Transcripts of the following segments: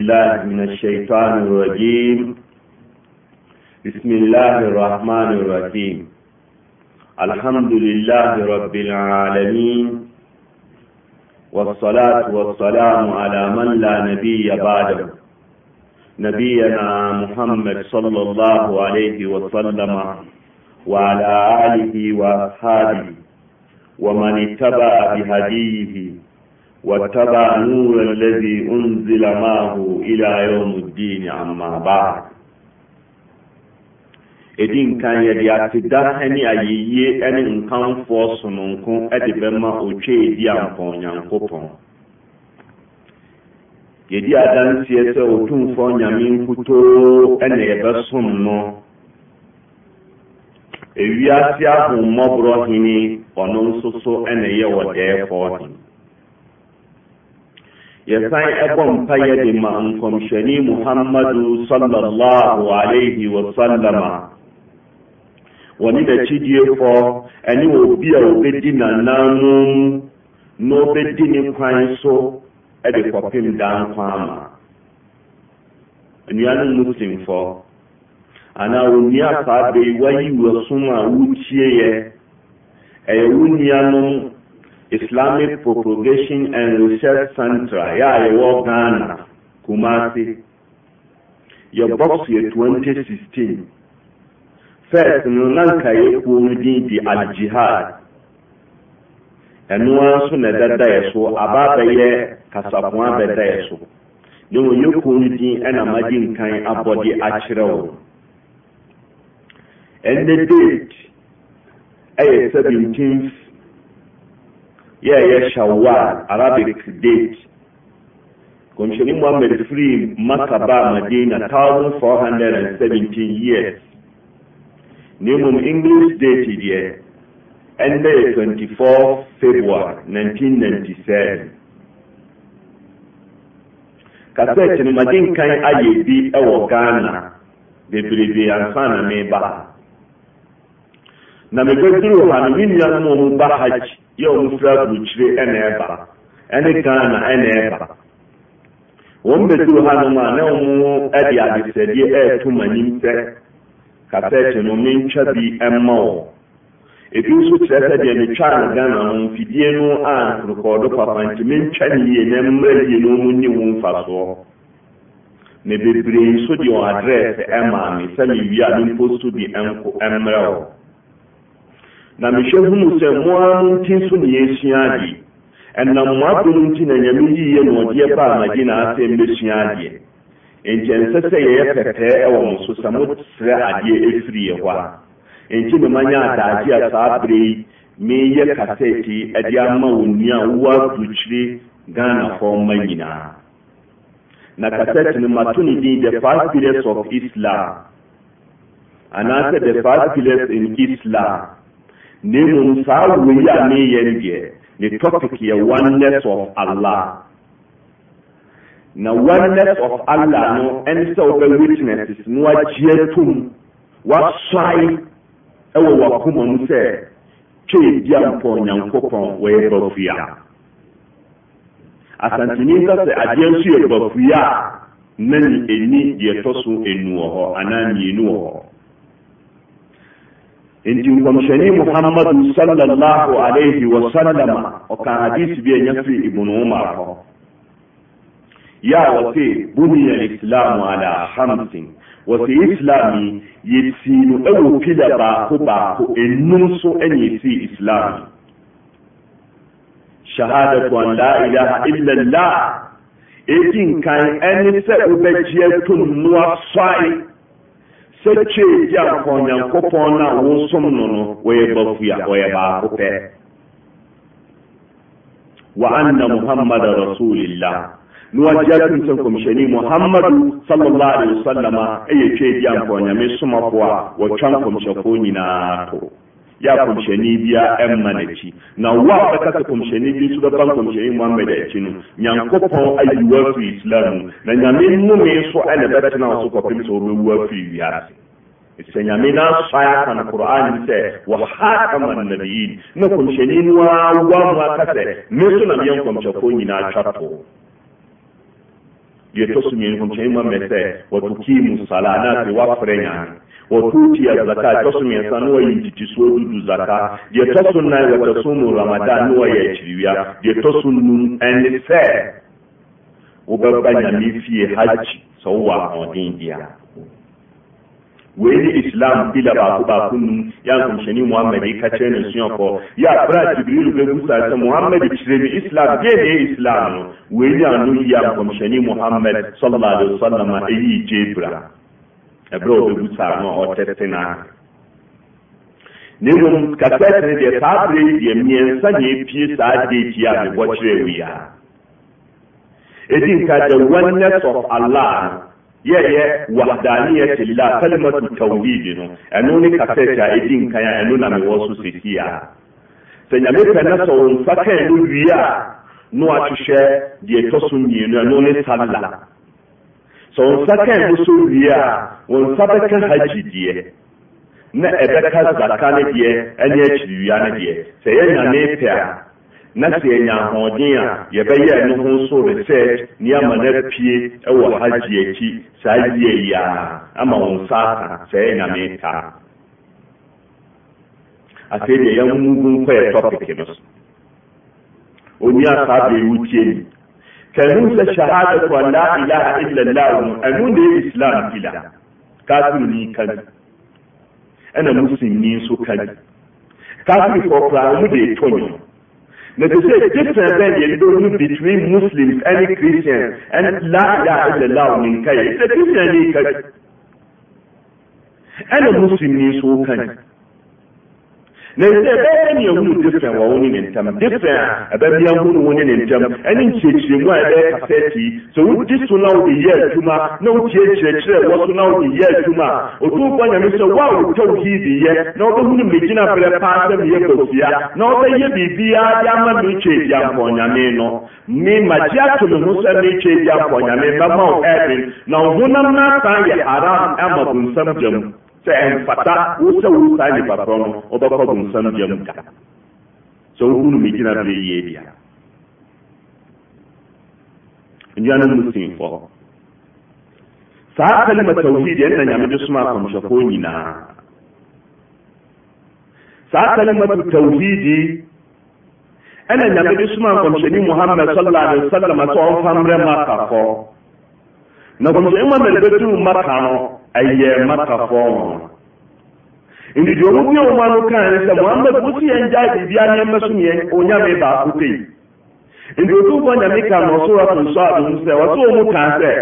الله من الشيطان الرجيم بسم الله الرحمن الرحيم الحمد لله رب العالمين والصلاة والسلام على من لا نبي بعده نبينا محمد صلى الله عليه وسلم وعلى آله وأصحابه ومن اتبع بهديه واتبع نور الذي أنزل معه إلى يوم الدين عما بعد ɛdi nkan yɛde ateda ne ayɛyie ne nkanfoɔ sononko de bɛma otwa di ampa onyankopɔn yɛdi adanseɛ sɛ otumfoɔ nyame nkutoo ne yɛbɛsom no ewiase ahommɔborɔ hene ɔno nso so ne yɛ wɔ dɛɛfoɔ hene يسان أبن فيد ما أنكم muhammadu محمد صلى الله عليه وسلم wọ́n ní akyidiefoɔ ɛne obi a obedi nananom na obedi ne kwan so ɛde kɔpem daa nkwa ama nnuanom muslimfoɔ ana onni asaa bɛyi wayi wɔ som a wokyieyɛ ɛyɛ wo nnuanom Islamic Propagation and Research Centre, ya yeah, yɛwɔ Ghana Kumasi Your box yɛ 2016 first no na nka yɛ kuo no din di al-jihad ɛno ara nso na ɛdada yɛ so aba bɛyɛ kasapoa bɛda yɛ so ne wɔyɛ kuo no din ɛna magye nkan abɔde akyerɛ wo ɛnɛ date ɛyɛ 17th yɛyɛ shawal arabic date kɔmhyɛni muhammad firi maka baa madina 1417 years ne mmom english date deɛ ɛndɛ yɛ 24 february 1997 kasɛ no made nkan ayɛ bi ɛwɔ ghana bebrebe ansa na meba na mebɛduru ha no me nuanom ɔmo ba hakyi yɛ ɔmo fira aburukyire ɛna ɛba ɛne na ɛna a na ɔmo ɛde adesɛdeɛ ɛɛto mu anim sɛ bi ɛmma wɔ ebi nso kyerɛ sɛ deɛ metwaa no ghana ho mfidie no a nkorokɔɔdo papa nti na mmerɛ yie na nye na nso di adreesị a bi ɛmmerɛ ọ. na mehyɛ hunu sɛ mo ara no nti so ne yɛsua adeɛ ɛnam mo abɛ no nti na nyame yiye na ɔdeɛ baa magye na asɛm bɛsua adeɛ enti ɛnsɛ sɛ yɛyɛ pɛtɛɛ ɛwɔ mo so sɛ mosrɛ adeɛ ɛfiri yɛ hɔ a enti ne manya adaagye a saa berɛ yi meyɛ kasɛti ɛde ama wo nua wowɔ aburukyire ghanafoɔ ma nyinaa na kasɛti no mato ne din the five pillars of islam anaasɛ the five pillars in islam na mmom saa wei a meyɛ no deɛ ne oneness of allah na oneness of allah no ɛne sɛ wobɛ witnesses na wagyea tom wasae ɛwɔ wakoma mu sɛ twe bia mpɔ onyankopɔn wɔyɛ bafua asanteni nka sɛ adeɛ nso yɛ bafua a na ne ɛni deɛ ɛtɔ so ɛnu wɔ hɔ anaa mmienu wɔ hɔ nti nkɔmhyɛni muhammadu sallallahu alaihi wa sallam ɔka hadisi bi a ɛnya firi ibnu umar hɔ yɛ a wɔse buniya islamu ala hamsin wɔse islam yi yɛsii no ɛwɔ pila baako baako ɛnum so ɛne yɛsii islam shahadatu an la ilaha illa allah ɛdi nkan ɛne sɛ wobɛgye atom noa sɛkyee gye akɔ onyankopɔn no a wosom no no wɔyɛ bafu a wɔyɛ baako pɛ wa anna muhammada rasulillah na wagye atom sɛ nkɔmhyɛni muhammadu sallallahu alaihi wasallama ɛyɛ twee gye akɔ onyame somafoɔ a wɔtwa nkɔmhyɛfoɔ nyinaa to ya kumsheni bia ɛmma n'akyi na wo e a wobɛka sɛ komhyɛni bi nso bɛba mu muhammad akyi no nyankopɔn ayi wo afiri islam mu na nyame nnome so ɛne bɛtena wo so kɔpem sɛ wobɛwu afiri wiase sɛ nyame naasɔe aka no qur'an sɛ wahatama nnabiin na komhyɛni no a wa mu aka sɛ me so e na meɛ nkɔmhyɛfoɔ nyinaa twa to deɛ ɛtɔ so mmienu komhyɛni amɛ sɛ watukimu sala na afei woafrɛ nyame wtootia zaka tɔ somiɛsa ne ayɛ ntiti soɔ dudu zaka deɛ tɔ so nae wɔtasomu ramadan ne wayɛ akyiri wia deɛ tɔ so num ɛne sɛ wobɛba nyame fie hagyi sɛ wowɔ ahoɔden bia wei ne islam bila baakobaako num yɛa nkɔmhyanii mohammad ye ka kyerɛ no nsuakɔ yɛ abrɛ tibirirobɛgu sane sɛ mohamad kyerɛ mi islam bieneɛ islam no wei nyaano yia nkɔmhyani mohammad sla i wasalam a ɛyii gyee bra ɛberɛ a ɔbɛbu e e saa no a ɔtɛ tena na mmom kasɛ tene deɛ saa berɛ deɛ mmiɛnsa nyɛ pie saa date a mebɔ kyerɛ wi nka the oneness of allah yɛyɛ wahdaniyat llah kalimatu tawhid no ɛno ne kasɛte a ɛdi nkan a ɛno na mewɔ so sɛsi a sɛ nyame pɛ na sɛ wo nsa kan no wie a na wahwehwɛ deɛ ɛtɔ so mmienu ɛno ne salla sɛ o nsa kan mo so wie a wo nsa bɛka hage deɛ ne ɛbɛka saka no deɛ ane akyiri wia no deɛ sɛ ɛyɛ nyane pɛ a na sɛ yɛnya hoɔden a yɛbɛyɛɛ no ho so research ne ɛama na pue wɔ hagge akyi saa yie yi aa ama wo nsa aka sɛ ɛyɛ nyame pɛ a asei deɛ yɛ mo mu gun kɔ yɛ topic no o ɔniasaa beɛwo geni karinta shahadatu wa la ilaha illallah a nuna islam gida kafin ni kan ana musulmi su kan kafin kokla mu da toni na da sai different then ya do between muslims and christians and la ilaha illallah min kai ita christian ne kai ana musulmi su kan na sɛ ɛbɛyɛ ne ahunu different wɔ wo ne ne ntam different a ɛbɛbia hunu wo ne ne ntam ɛne nkyerɛkyerɛmu a ɛbɛyɛ kasa ti sɛ wodi so na wode yɛ adwuma na wotie kyerɛkyerɛ wɔ so na wode yɛ adwuma a ɔtumfoɔ nyame sɛ wo a wotwa wo hii de yɛ na wobɛhunu megyina berɛ paa sɛ meyɛ kɔfia na wobɛyɛ biribiaa de ama metwe diampɔnyame no me magye ato me ho sɛ metwe diampɔnyame bɛma wo ɛden na wo honam no asan yɛ haram ama bonsam gya mu sɛ ɛnfata wo sɛ wo saa nipa korɔ no wobɛkɔ bonsam gyam da sɛ wohunu me gyina berɛ yie bia nnuanom musimfɔ saa kalima tawhid ɛnna nyame de soma akɔmhyɛfoɔ nyinaa saa kalimatu tawhidi ɛna nyame de soma nkɔmhyɛni muhammad sallallahu alaihi wasallam sɛ ɔmfa mmerɛ makafɔ na nkɔmhyɛni muhammad bɛduru maka no ɛyɛɛ maka fɔ nti duɛ omu bi wo mo a no kae ne sɛ mohammad wo so yɛn da dibia neɛmma som ɛonyame baako pei nti otomfɔ nyame ka noɔsoratonsɔ adomu sɛ wɔteɔ mu kaa sɛ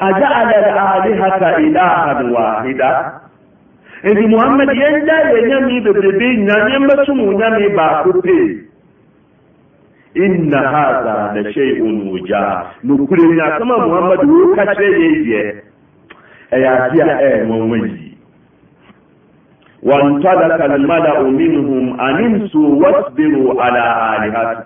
agaalal alihata ilahan wahida nti mohammad yɛn daa yɛ nyame bebrebe nyina neɛmma som o nyame baako pei inn haha la sion oya nokoroni asam a mohammad woka kyerɛ yɛ yiɛ ɛyɛ ade a ɛyɛ nwanwa yie wantalaka almala'u minhum animsu wasbiru ala alihati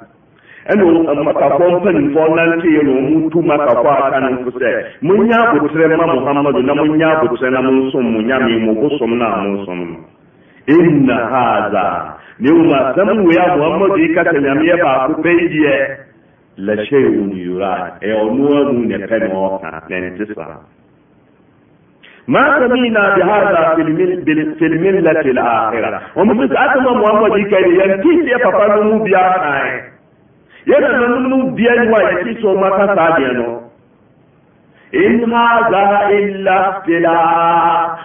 ɛna makafoɔ mpanimfoɔ nanteɛ na ɔmu tu makafoɔ aka no nso sɛ monyɛ abotrɛ ma muhammadu na monyɛ abotrɛ na monsom mo nyame mo bosom no a monsom no inna hadha ne mu asɛm wei a muhammadu yi kasa nyameɛ baako pɛ yi deɛ lahyɛ yɛ wɔn yura ɛyɛ ɔno amu ne pɛ ne ɔka ne nte saa ma samina bi hada fil millati al akhirah wa musu atama muhammadi ya papa biya yana nan mu biya ya wa so mata sa biya no in haza illa fila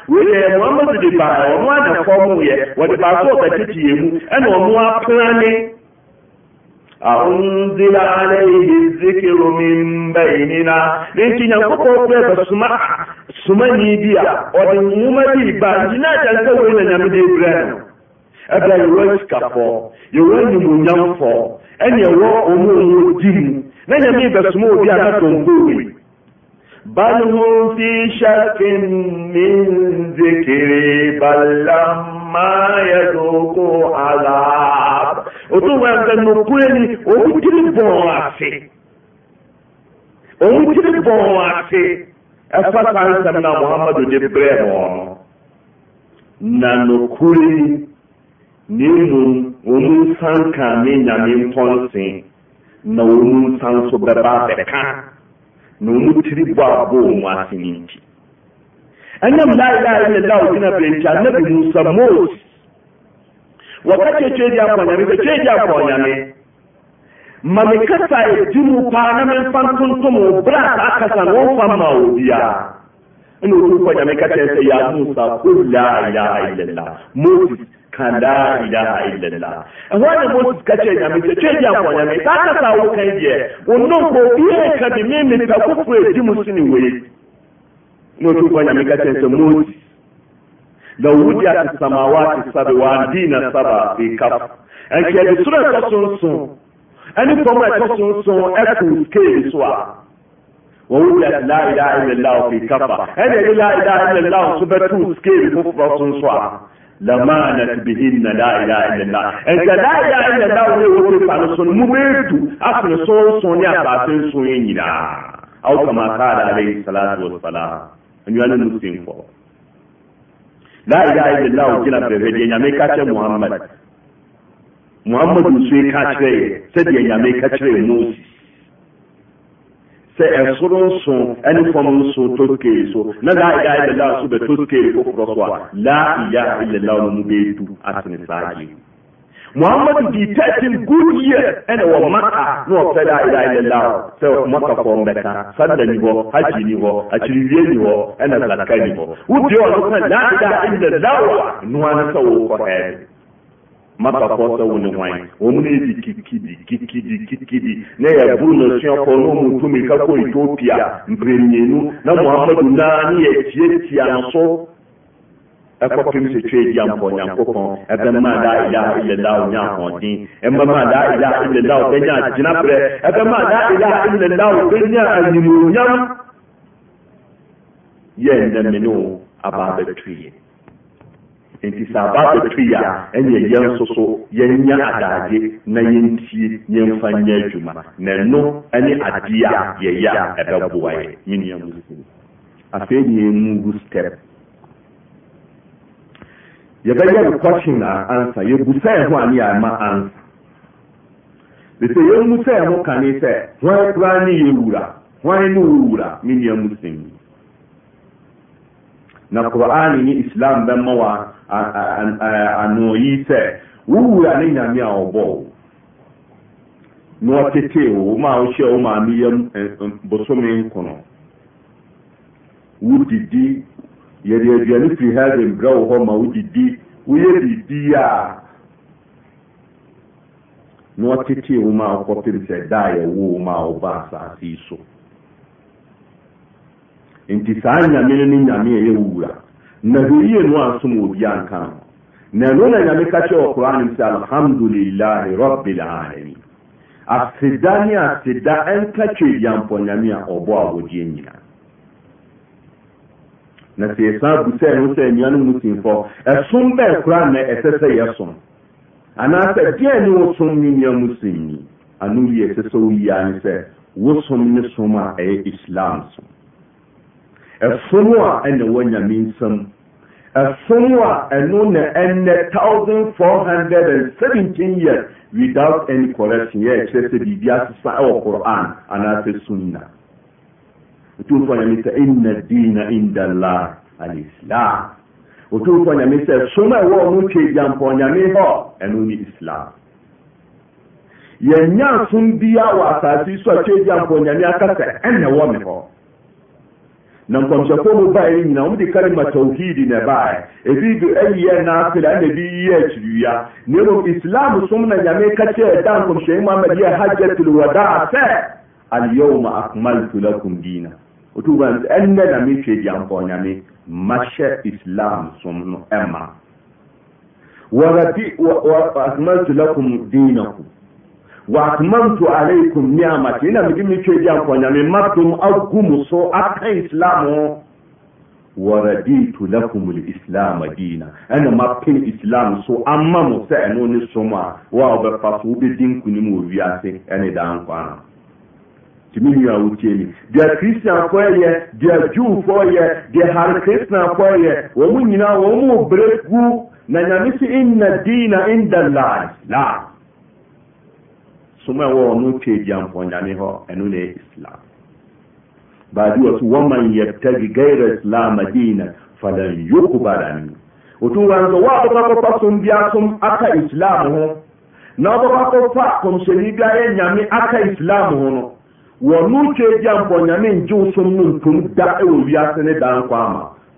wele muhammadu di ba ɔmo adakɔ mu yɛ wɔde baako mu alayhi min sumani bi a ɔde nwoma bi ba gyina kyɛn sɛ wɔn na nyame de brɛ no ɛbɛ yɛwɔ sikafɔ yɛwɔ nimonyamfɔ ɛnna ɛwɔ ɔmo ɔmo di mu na nyame bɛsoma obi a na tɔn kowee بل هم في شك من ذكري بل لما يذوقوا عذاب وتو وان نكوني ومتري بواسي ومتري بواسي ɛfa saa nsɛm na muhammadu de brɛɛ wɔn na nokorɛ na mu wɔn nsa nka ne nyame mpɔnse na wɔn nsa nso bɛba abɛka na wɔn tiri bɔ abɔ wɔn ase ne nti ɛnam laelae ne da ogyina berɛnti anabi musa mose wɔka kyekye di akɔnyame kyekye di akɔnyame mamikata ye jinu paaname fantuntumu brata akasan wo famma fama biya ina otu kwa jamaica tese ya musa ko la ilaha illallah moses kan la ilaha wani moses ka ya nyamice ce ya kwa nyamice ta ka sawo kan je wannan ko biye ka bi mimi ta kuku e ji musuni weye ina otu kwa jamaica tese moses da wujiyar samawati sabi wa dina saba fi kaf an ke bi sura ta sun sun ɛne fam a ɛtɔ sonson ɛko scale so a wɔwuya la ilaha illallah fi kafa ɛne ɛne la ilaha illallah so bɛto scale foforɔ so nso a lamanat bihinna la ilaha illallah ɛnka la ilaha illallah ne wɔ pepa no so no mu bɛɛtu afene sonson ne asase nson yɛ nyinaa aw kama kaala alayhi salatu wasalam anuane mu sinfɔ la ilaha illallah gyina bɛhwɛdeɛ nyame muhammadu nso ka kyerɛ yɛ sɛdeɛ nyame ka kyerɛ moses sɛ ɛsoro nso ɛne fam nso tɔ so na la ilaha illallah so bɛtɔ skee foforɔ so a la ilaha illallah no mu bɛɛdu atene saa yie muhammadu di thirteen good years ɛna wɔ maka na ɔpɛ la ilaha illallah sɛ makafoɔ mbɛka sanda ni hɔ hajji ni hɔ akyiriwie ni hɔ ɛna zaka ni hɔ wodue ɔno sɛ la ilaha illallah a noa no sɛ wokɔ hɛɛde matapɔtɔ wo ne hwan wɔn ne yɛ dikikidi kikidi kikidi ne yɛ buru na suafɔ no mu tumi kakɔ ethiopia mpremienu na muhammadu naa ne yɛ tiatia no so ɛkɔpem sɛ twa adi ampɔ onyankopɔn ɛbɛma da ila ilada onya ahoɔden ɛbɛma da ila ilada ɔbɛnya agyina berɛ ɛbɛma da ila ilada ɔbɛnya animuonyam yɛ nnɛmene o aba abɛtuyɛ nti sɛ aba abɛtwe yɛ ya ɛnyɛ yɛn nso na nye yɛmfa nye adwuma na ɛno ne adeɛ a ya a ɛbɛboa yɛ menua muslim afei ne yɛmu gu step yɛbɛyɛ no question a ansa yɛbu sɛ ɛho a ne ansa ɛsɛ yɛmu sɛ ɛho kane sɛ hwan koraa ne yɛwura hwan ne wo wura na qur'ane ne islam bɛma wɔ wa. anoyi sɛ wo ne nyame a ɔbɔ na ɔtetee wo ma a wohyɛ wo maame yam bosome nkono wodidi yɛde aduane firi heaven brɛ wo hɔ ma wodidi woyɛ didi a na ɔtetee wo ma a wokɔpem sɛ ma a woba asase yi so nti saa nyame no ne nyame ɛyɛ abɛyienoaa som ɔ bia nka ne hɔ naɛnoo na nyame ka kyer wɔ koraa no m sɛ alhamdulilahi rabbilalamin afeda ne ate da ɛnka twe biampɔnyame a ɔbɔɔ a wɔdeɛ nyinaa na sɛ yɛsan bu sɛneho sɛ nnuanom mu sim fɔ ɛsom bɛɛ koraannɛ ɛsɛ sɛ yɛ som anaasɛ deene wo som ne nnua mu simni ano yie ɛsɛ sɛ wo yia ne sɛ wo som ne som a ɛyɛ islam so ɛsom a ɛnɛwɔ nyame nsam ɛsom a ɛno ne ɛnɛ tou40ded7 years without any correctin yɛyɛkyerɛ sɛ biribi asesan ɛwɔ qor'an anaasɛ sunna ɔtumfo nyame sɛ inna dina indallah alislam ɔtumfoɔ nyame sɛ ɛsom a ɛwɔɔno tweadyampɔ nyame hɔ ɛno ne islam yɛnya nsom bia wɔ asase y so a tweadyampɔɔ nyame aka sɛ ɛnɛ wɔ ne hɔ na nkɔmhyɛfoɔ mu bae no nyina wɔmde kalima tawhidi na ɛbaɛ ebi do ayiyɛ naafela ɛna ebi yiyɛ akyiriwia na mmom islam som na nyame ka kyerɛ da nkɔmhyɛni muhammad amadeɛ hajjatul wadaa sɛ alyawma akmaltu lakum dina ɔtuba ɛnnɛ na metwe diampɔ nyame mahyɛ islam som no ɛma akmaltu lakum dinakum atmamtu alaikum niamati ina migimi twe di ankɔ nyame matom agu so aka islamu waraditu lakum lislama dina ɛna mapem islam so ama mo sɛ ɛno ne som a wo a wobɛfa so wobɛdi nkonim wɔ wiase ɛne daa nkwana tumi nua a wotie mi deɛ kristianfoɔ yɛ deɛ jewfoɔ yɛ deɛ hare kristianfoɔ yɛ wɔn mu nyinaa wɔn mu bere gu na nyame sɛ inna dina inda la islam Suma ɛwɔ ɔno twagyi ampɔnyane hɔ ɛno ne islam baadi wɔ so waman yɛtagi gaira islam dinan falan yukubara ni ɔtumwa no sɛ woabɔkɔkɔfa som bia som aka islam ho na ɔbɔkɔkɔfa kɔmhyɛni biayɛ nyame aka islam ho no wɔno twagyi ampɔnyane ngyew som no ntom da ɛwɔ e wiase ne da nkɔ ama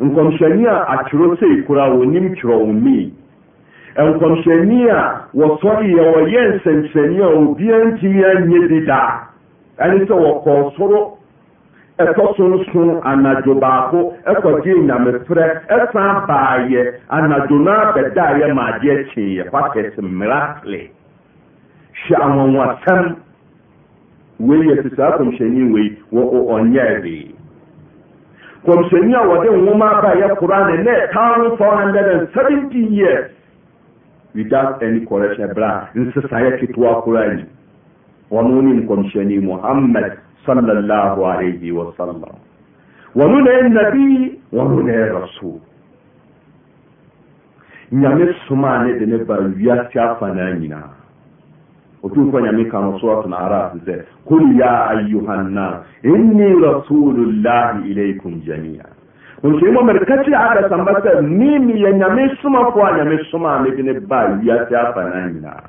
nkɔmhyɛni a atwerɛ sei koraa wɔnim twerɛwomii nkɔmhyɛni a wɔsɔreeɛ wɔyɛ nsɛnkyerɛnne a obiara ntumi anyɛ bi daa ɛne sɛ wɔkɔɔ soro ɛtɔ so nson anadwo baako ɛkɔgyee nyameprɛ ɛsan baayɛ anadwo no abɛdaeɛ maadeɛ kyeeɛ fatɛs mmirakle hyɛ anwanwasɛm wei yɛ te saa kɔmhyɛni wei wɔ ɔnyɛɛ kɔmhyɛni a wɔde nwoma aba yɛ koraa ne thousand four hundred and seventy years without any correction bra nsesaeɛ ketewa koraa yi wɔn ne nkɔmhyɛni muhammad sallallahu alayhi wa sallam wɔn ne nabi wɔn ne rasul nyame soma ne de ne ba wiase afa naa nyinaa otumfu nyame ka no soato ara araf sɛ kul ya ayuha nnas inni rasulullahi ilaikum jamia nkyɛni mu mɛrika kyi ada samba sɛ ni miyɛ nyame somafoɔ a nyame soma a mede ne baa wiase afa na nyinaa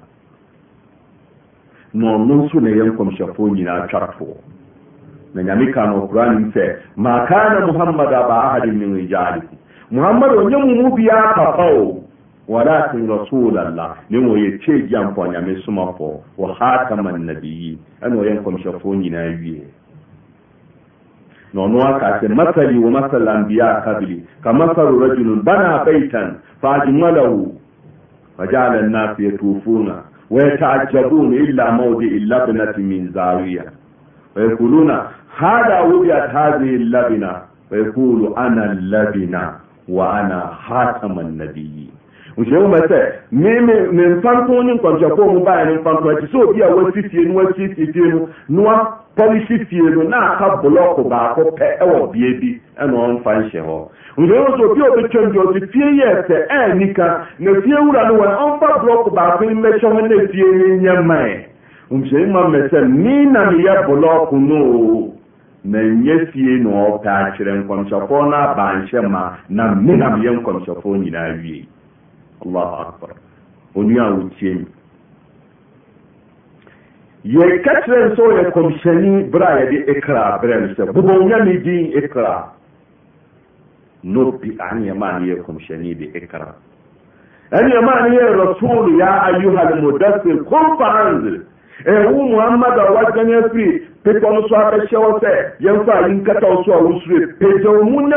na ɔno nso na ɛyɛ nkɔmhyɛfoɔ nyinaa twarefoɔ na nyame ka no ɔkora nim sɛ ma kana muhammad aba ahadin min rijalikum muhammad ɔnyɛ mu mu biara papa o walakin rasulallah nimo ye ce jampo nyame suma fo wa khataman nabiyyi an wayan kom shafo ni na yiye nono aka ce masali wa masal anbiya qabli kama rajulun bana baitan fa ajmalahu fajala an-nas yatufuna wa yata'ajjabuna illa mawdi illa binati min zawiya wa yaquluna hada wudiat hadhihi al-labina wa yaqulu ana al-labina wa ana khataman nabiyyi nhyiamu ma sɛ mimi ne mfanto ne nkɔmhyɛfoɔ mu baeɛ ne mfanto akyi sɛ obi a wasi fie no wasi si fie no noa pɔlihyi fie no na aka blɔko baako pɛ ɛwɔ bea bi ɛna ɔmfa nhyɛ hɔ nhyiamu nso obi a obɛtwam deɛ ɔte fie yɛ sɛ ɛɛnika na fie wura no wɔn ɔmfa blɔko baako ne mmɛhyɛ hɔ na fie no nyɛ mae nhyiamu ma mɛ sɛ mi na meyɛ blɔko no o na nyɛ fie na ɔpɛ akyerɛ nkɔmhyɛfoɔ no aba nhyɛ ma na me na meyɛ nkɔmhyɛfoɔ nyinaa wie allahu akbar oníyàwó tiẹ̀ mi yɛ kɛkyerɛ nso yɛ kɔmhyɛni berɛ a yɛde ekra berɛ no sɛ bobɔ nyame din ekra no anneɛma a ne yɛ kɔmhyɛni de ekra ɛnneɛma a ne ya ayuha almudassir kum ɛwo muhammad a woadwane afiri pepɔ no so abɛhyɛ wo wo so a wosure wo mu ne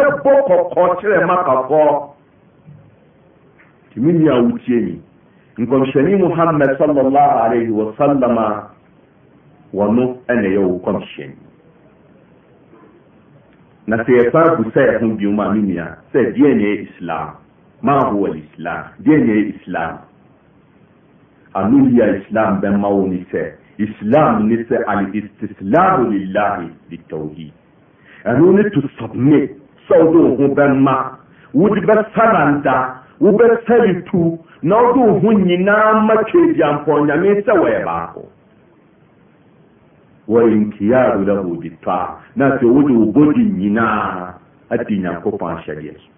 kimini ya utyeni nkomshani muhammad sallallahu alaihi wasalama wano ɛna yɛ wo kɔmhyɛni na sɛ yɛfa gu sɛ ho bio ma me nua sɛ deɛ neɛ islam ma wɔ islam deɛ neɛ islam ano yi a islam bɛma wo ne sɛ islam ne sɛ alistislamu lillahi bitawhid ɛno ne to submit sɛ wode wo ho bɛma wode bɛsananta wobɛsa tu na wode wo ho nyinaa ma twɛadiampɔ nyame sɛ wɔyɛ baako wɔinkiyaru lahu a, na afei wode wo bodi nyinaa adi nyankopɔn ahyɛdeɛ so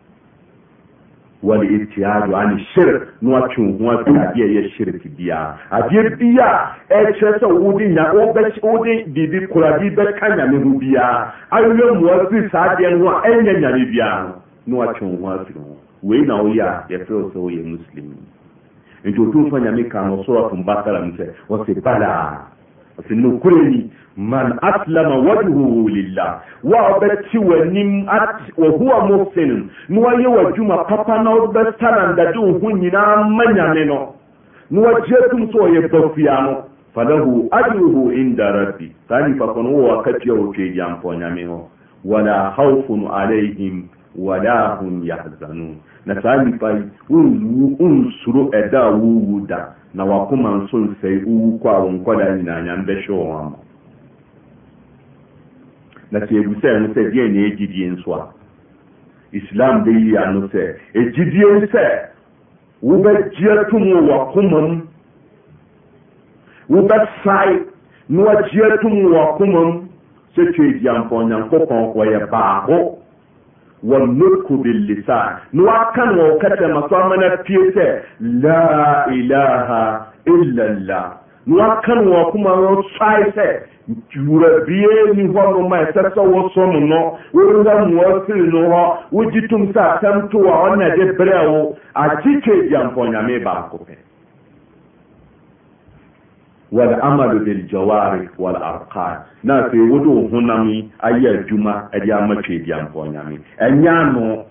walitiadu ane shirk na watwe wo ho afi adeɛ ɛyɛ ti biara adeɛ bia ɛkyerɛ sɛ wode wode biribi kora bi bɛka nyame ho biara awerɛ mmoa firi saa adeɛ no ho a ɛnyɛ nyame biara no na watwe wo ho afiri ho wei na yɛfrɛ yafeo sɛ ye muslim nti otumfanya mikano sola tumbasala muse wase bala wase ni man aslama wajhuhu lillah waɓe tiwanim at wa huwa na nuwaye wa juma nyinaa ma nyame no na mañameno tum sɛ ɔyɛ ye no falahu ajruhu inda rabbi tani fakono wo wakkati yawo nyame hɔ wala haufun alayhim wala hum yahzanun na saa nnipa yi wonwu wonsuro ɛda a wowu da na wakoma nso nsɛe wowu kɔ a wo nkɔdaa nyinaa nyame bɛhwɛ wɔn ama na sɛ ɛbu sɛ no sɛ deɛ ne ɛgyidie nso a islam yi bɛyi ano sɛ ɛgyidie sɛ wobɛgyea tom wɔ wakoma mu wobɛsae na wagyea tom wɔ wakoma mu sɛ twɛ diampɔ onyankopɔn ɔyɛ baako wannutku bil lisan nuwa kan wa kada masamana fiye ta la ilaha illallah nuwa kan wa kuma wa sai sai jura biye ni hono ma sasa wo sono no wo nga muwa no ho wo jitum sa tam to wa ona de brewo a cike jampo nyame ba wal amalu bil jawari wal arqan na afei wode wo honam ayɛ adwuma ɛde ama twɛ diampɔ nyame ɛnya no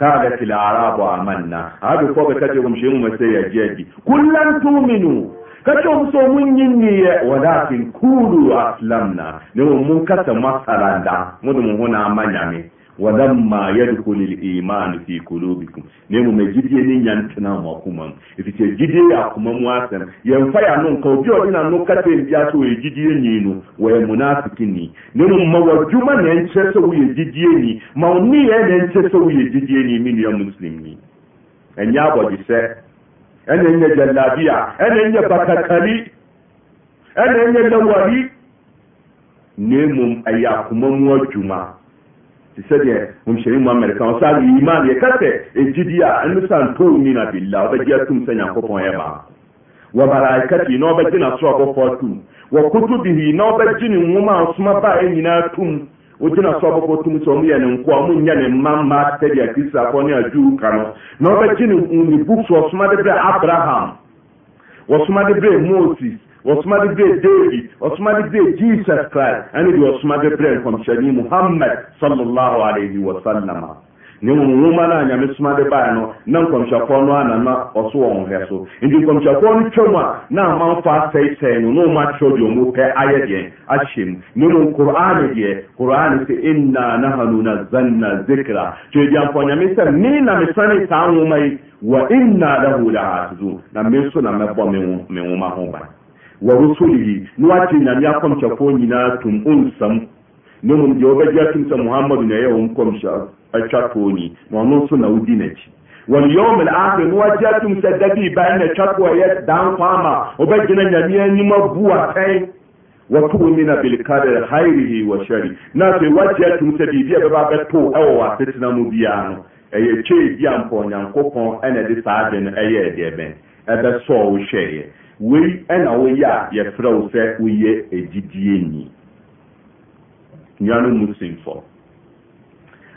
قالت الأعراب آمنا هذا كوبا كتبهم شيء مسيا جدي كلا تؤمنوا كتبهم سومين ينية ولكن كلوا أسلمنا نو من كتب مسألة دا مدمو هنا أمان يمين walamma yadkhulul iman fi qulubikum ne mu megidie ne nyantena mu akoma mu efiti gidie ya akoma mu asem ye mfa ya no obi obi na no kata ebi aso ye gidie ni no wo ye munafiki ni ne mu ma wadwuma na enkyerɛ sɛ wo ye gidie ni ma oni ye na enkyerɛ sɛ wo ye gidie ni mi nua muslim ni ɛnyɛ abɔgye ya ɛna ɛnyɛ gyalabia ya ɛnyɛ batakari ɛna ya dawari ne mu ɛyɛ akoma mu adwuma te sɛdeɛ homhyɛne mu amerika wo saa de iman yɛka sɛ ɛgyidi a ɛno sa ntoomina billah wobɛgye atom sɛ nyankopɔn yɛ baa wamalaikati na wobɛgye nasorɔbɔfoɔ atom wɔkotobihi na wobɛgye ne nwoma a nsoma baa nyinaa tom wogyina so abɔbɔ tum sɛ ɔmo yɛ ne nko a ɔmo nyɛ ne mma mma sɛdeɛ akristafoɔ ne adwuu ka no na ɔbɛgye ne ne books wɔsoma de berɛ abraham wɔsoma de berɛ moses wɔsoma bee david ɔsoma de jesus christ ɛne deɛ ɔsoma de brɛ nkɔmhyɛne sallallahu alaihi wasallam a ne nwoma no a nyame na nkɔmhyɛfoɔ no anana ɔso wɔn hwɛ so nti nkɔmhyɛfoɔ no a na amanfo asɛesɛe no na ɔma akyerɛ deɛ ɔmu pɛ ayɛ deɛn ahyɛ mu ne mu korane deɛ korane sɛ nahanu zikra sɛ me na mesane saa nwoma yi wa lahu na me nso na mɛbɔ me wrusulehi na woakye nyame kɔmhyɛfoɔ nyinaa tom onsam nomm deɛ wobɛgye atom sɛ mohammado no ɛyɛ wɔkɔyɛ twatoɔ yi naɔno sonawodi nokyi we yome al aher ne woagye atom sɛ da biriba ne twato yɛ danka ama obɛgyena nyame nwum bua fan watumina bilkadir hairi hi washari na se woakye atom sɛ biribi a bɛba bɛtoo wɔ wɔ asetena mu bia no ɛyɛ twei bia mpa nyankopɔn na de saade no ɛyɛ de bɛn bɛsɔɔwo hwɛeɛ wei ɛna woyɛ a yɛfrɛ wo sɛ woyɛ agyidie ni nuano muslimfo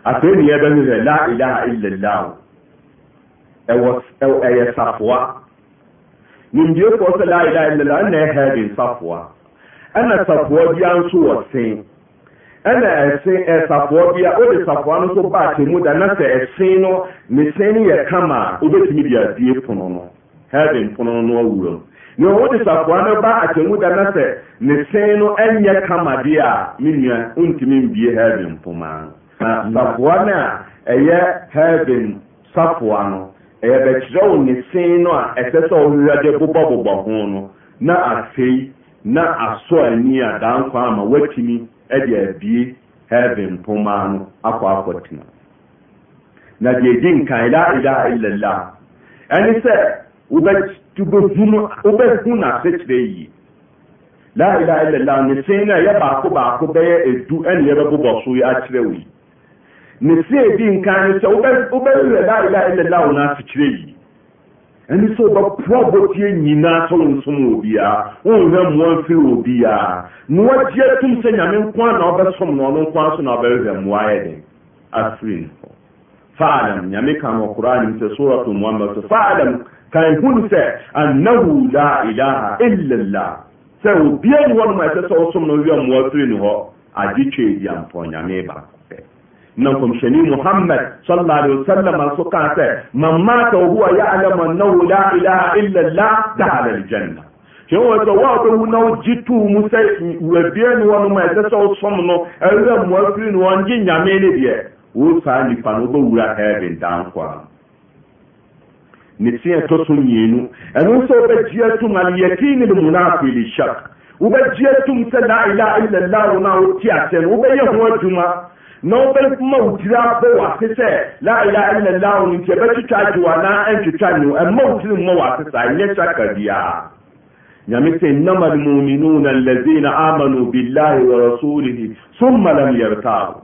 afei ne yɛbɛno sɛ la ilaha illallah ɛyɛ safoa nimdiefoɔ sɛ la ilaha illallah ɛna ɛhɛɛde safoa ɛna safoa biara nso wɔ sen ɛna ɛsen ɛsafoa bia wode safoa no baa da na sɛ ɛsen no ne sen no yɛ kama a pono no pono no na ɔwo no ba akyɛmu na sɛ ne sen no ɛnyɛ kamadeɛ a me nua wontumi mbie heaven mpoma na safoa no a ɛyɛ heaven safoa no ɛyɛ bɛkyerɛ wo ne sen no a ɛsɛ sɛ bobɔbobɔ ho no na afei na asɔ ani a daa nkwa ama woatumi ɛde abie heaven mpoma no akɔ akɔtena na deɛ nkan la ilaha illallah ɛne wobɛhu no asɛkyerɛ yie laila ilala ne sen no ɛyɛ baako baako bɛyɛ ɛdu ɛneɛ bɛbobɔ so akyerɛ wo yi ne see di nkan no sɛ wobɛwerɛ laila ilala wo no asekyerɛ yie ɛne sɛ wobɛpoa bɔtie nyinaa sɛ ya nsom wɔ biara wonhwɛ mmoa mfiri wɔ biara na woagye tom sɛ nyame nko na wobɛsom no ɔno so na wobɛhwehwɛ mmoa yɛ den afiri no hɔ faalam nyame kankun sɛ annahu la ilaha illallah sɛ obia ni hɔnom a ɛsɛ sɛ wosom no wia mmoa firi ne hɔ agye twɛ di ampɔ nyame baako pɛ na nkɔmhyɛni muhammad sallallahu alaihi nso kaa sɛ man mata wa huwa ya'lamu annahu la ilaha illallah dakhala aljanna kyɛn wɔ sɛ woa wobɛwu na wogye too mu sɛ wabia e ni hɔnom a ɛsɛ sɛ wosom no awia mmoa firi ne hɔ ngye nyame ne deɛ wo saa nnipa no wobɛwura heaven dan kɔ a نسيا توسون ينو أنو سو بجيتم اليقين المنافي للشك وبجيتم لا إله إلا الله ونعو تياتن وبيهو جمع n'obere kuma wutiri abɔ w'ase sɛ laila ɛna lawo no nti ɛbɛtwitwa agye wa na ɛntwitwa no ɛma wutiri mma w'ase saa ɛnyɛ hyaka biara nyame sɛ innama almuminuna alladina amanu billahi wa rasulihi summa lam yartabu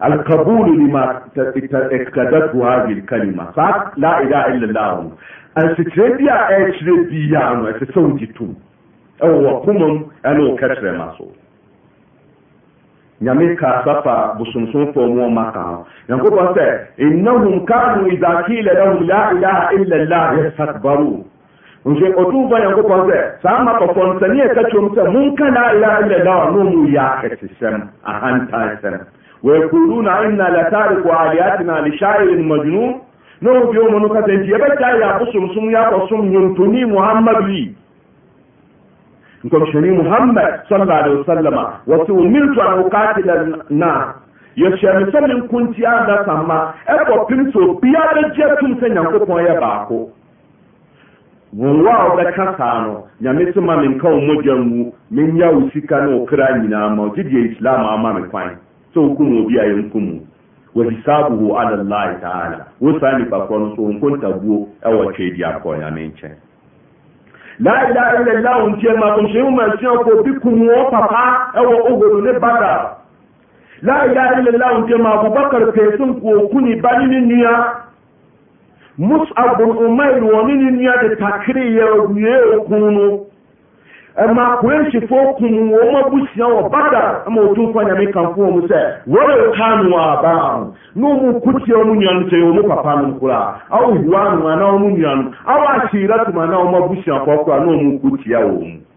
alkabulu ima kadahi kalimaansikyerɛ bia ɛɛkyerɛ biaao ɛsɛogi tm wamm ɛneokɛtrɛma so naeasafa bososom faah yankɔsɛ inhum kan isakila lahu i ystakr ɔtfa nyankɔɛ saa makafɔnsaneɛkatwmɛmoka ai ianeɔyɛkɛte sɛmaasɛm ويقولون إنا لتارك آلهتنا لشاعر مجنون نو بيو منو كتن تي بچا يا قسم سم يا قسم ينتني محمد لي نكم شني محمد صلى الله عليه وسلم وتؤمرت أن أقاتل الناس nkonti sɛ obiara sɛ nyankopɔn yɛ baako a wobɛka saa no nyame se ma menka wo ngu menya wo sika ne wo kra nyinaa ma islam ama me so hukumu biya yankumu wa hisabuhu ala Allah ta'ala wo sani ba kon so on kon tabu awa che dia ko ya menche la ilaha illa Allah un je ma kon sheu ma se ko bi kun wo papa awa ogo ne bada la ilaha illa Allah un je ma Abubakar pe sun ko kuni bani ni niya Mus'ab bin Umayr wa ni niya da takriya ne kunu ɛma korintifoɔ kum wɔn abusua wɔ bada ama otumfoɔ nyame kamfo wɔn sɛ wɔre kanu abaa na wɔn kutia wɔn nua no sɛ wɔn papa no koraa awo yuanu anaa wɔn nua no awo ahyira tuma anaa wɔn abusua na wɔn kutia wɔn.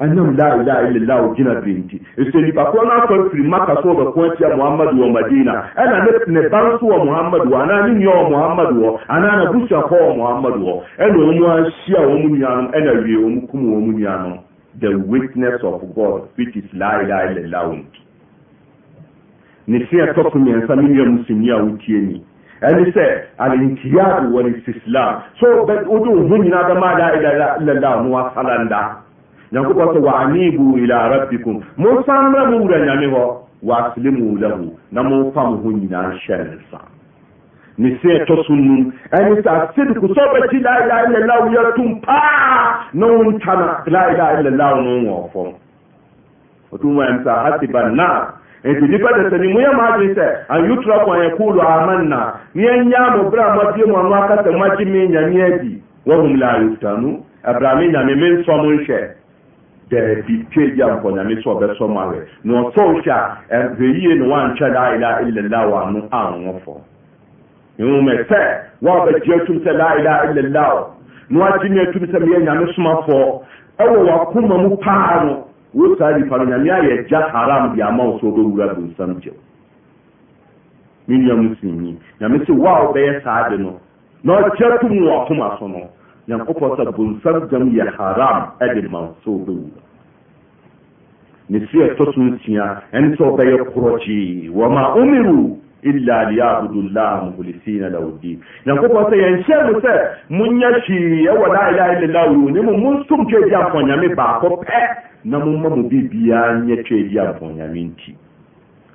annam la ilaha illallah gina binti sai ni ba ko na ko firi maka so ba ko tiya muhammadu wa madina ana ne ne ban so muhammadu ana ni yo muhammadu wa ana na busha ko muhammadu wa ana mu ashia wo mu nyano ana wie wo mu kuma wo mu nyano the witness of god which is la ilaha illallah ne sai to ku mi san mi mu sin ya wutie ni ɛne sɛ alintiyadu wal istislam so bɛ o de o ho nyinaa bɛ ma la ilaha illallah no asalanda nyankopɔn sɛ waanibu ila rabbikum monsan mmra mo wura nyame hɔ waasilimu lahu na momfa mo ho nyinaa nhyɛ ne nsa ne sɛ ɛtɔ so num ɛne sɛ asediku sɛ wobɛkyi la ilaha illallah yɛtom paa na wonta no la ilaha illallah no wɔ fɔ ɔtum hasiba nnas nti nnipa dɛ sɛ nimuyɛ ma adwene sɛ anyutura ko anyakulu amanna meɛnya mo berɛ a moabie mu ano akasɛ moagye me nyame adi wahum la yuftanu ɛbrɛ me nyame mensɔ mo nhwɛ daabi tee gya mpɔnyame sɛ ɔbɛsɔ m awɛ na ɔsɔw hyɛ a ɛhwɛyie ne woankyɛ la ila ilala wano anwo fɔ mmom sɛ woabɛgye atum sɛ la ila ilala na woagye me atum sɛ meyɛ nyame somafoɔ ɛwɔ wakoma mu paa no wo saa nnipa no nyame ayɛ gya haram de ama wo sɛ wobɛwura bonsam kyɛw me nua mu sinyi nyame sɛ saa de no na ɔgye atum no wakoma so no nyankopɔn sɛ bonsam gyam yɛ haram ɛde ma nso bɛwu ne su ɛtɔ so nsia ɛne sɛ ɔbɛyɛ korɔkyee wama umiru illa liyabudullaha mukhlisina lahu din nyankopɔn sɛ yɛnhyɛ no sɛ monyɛ hwee ɛwɔ la ilaha illallah wɔ ne mu monsom twɛ di ampɔnyame baakɔ pɛ na momma mo biribiaa nyɛ twɛ di ampɔnyame nti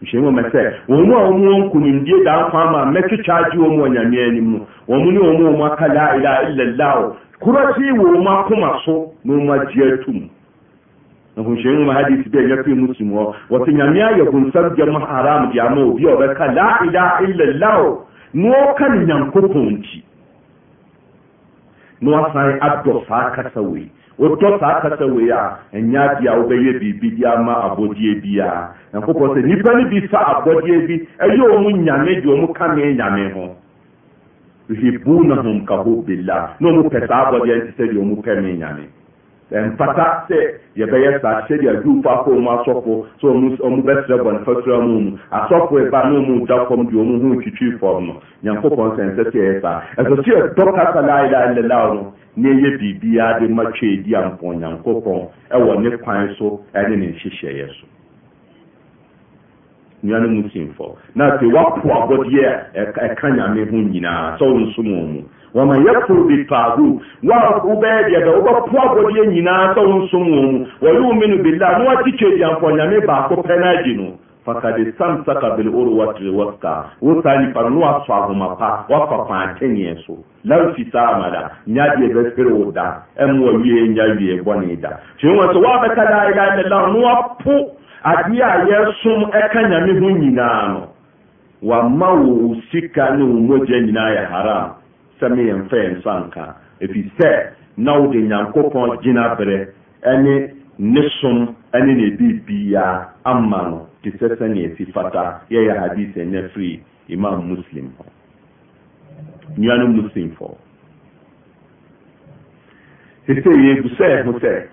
nhwɛmu mɛ sɛ wɔn mu a wɔn wɔ nkunimdie daa nkwa ama mɛtwitwa agye wɔn wɔ nyame anim no wɔn ne wɔn a wɔn aka la ilaha illallah kurati wɔ mu akoma so na ɔmu agye atum nahunhyɛni mu hadis bi a ɛnya fii muslim hɔ wɔte nyame ayɛ bonsam gya mu haram de ama obi a ɔbɛka la ilaha illallah na ɔka ne nyankopɔn nti na wasan adɔ saa kasa wei wotɔ saa kasa wei a ɛnyɛ adeɛ a wobɛyɛ biribi de ama abɔdeɛ biara nyankopɔn sɛ nnipa no bi sa abɔdeɛ bi ɛyɛ e ɔmu nyame de ɔmu kame nyame ho yuhibunahum kahubillah na ɔmo pɛ saa abɔdeɛ nti sɛdeɛ ɔmo pɛ me nyame ɛmpata sɛ yɛbɛyɛ saa hyɛdeɛ aduufo akɔ mu asɔfo sɛ ɔmo bɛsrɛ bɔne fatura mu mu asɔfo ɛba na ɔmo da fam deɛ ɔmo ho twitwi fam no nyankopɔn sɛ nsɛ sɛ yɛyɛ saa ɛsɛ sɛ yɛdɔ kasa laila lelaw no na ɛyɛ biribiara de ma twɛ di a mpɔ nyankopɔn ɛwɔ ne kwan so ɛne ne nhyehyɛeɛ so nuanom simfo na afei woapo abɔdeɛ ɛka nyame ho nyinaa sɛ wo nsom wɔ mu wama yakfuru bitaago wobɛyɛ deɛ bɛ wobɛpo abɔdeɛ nyinaa sɛ wo nsom wɔ mu wayuminu billah na woakyikyɛ diamfɔ nyame baako pɛ no agye no fakad stamsaka bilurwati lwasta wo saa nipa no na wasɔ ahoma pa wafa paakyɛnyeɛ so lamfisaama da nya deɛ bɛfere wo da ɛmoa wie nya wie bɔne da hwɛ wa sɛ woabɛka la ilaha illallah na wapo adeɛ a yɛsom ɛka nyame ho nyinaa no wamma wo sika ne wo mmɔgya nyinaa yɛ haram sɛ meyɛ mfa yɛ nsa nka ɛfiri sɛ na wode nyankopɔn gyina berɛ ɛne ne som ɛne ne biribiaa ama no te sɛ sɛnea si fata ya hadis ɛnɛ firi imam muslim hɔ nnuanom muslimfoɔ sɛ sɛ yɛgu sɛ ho sɛ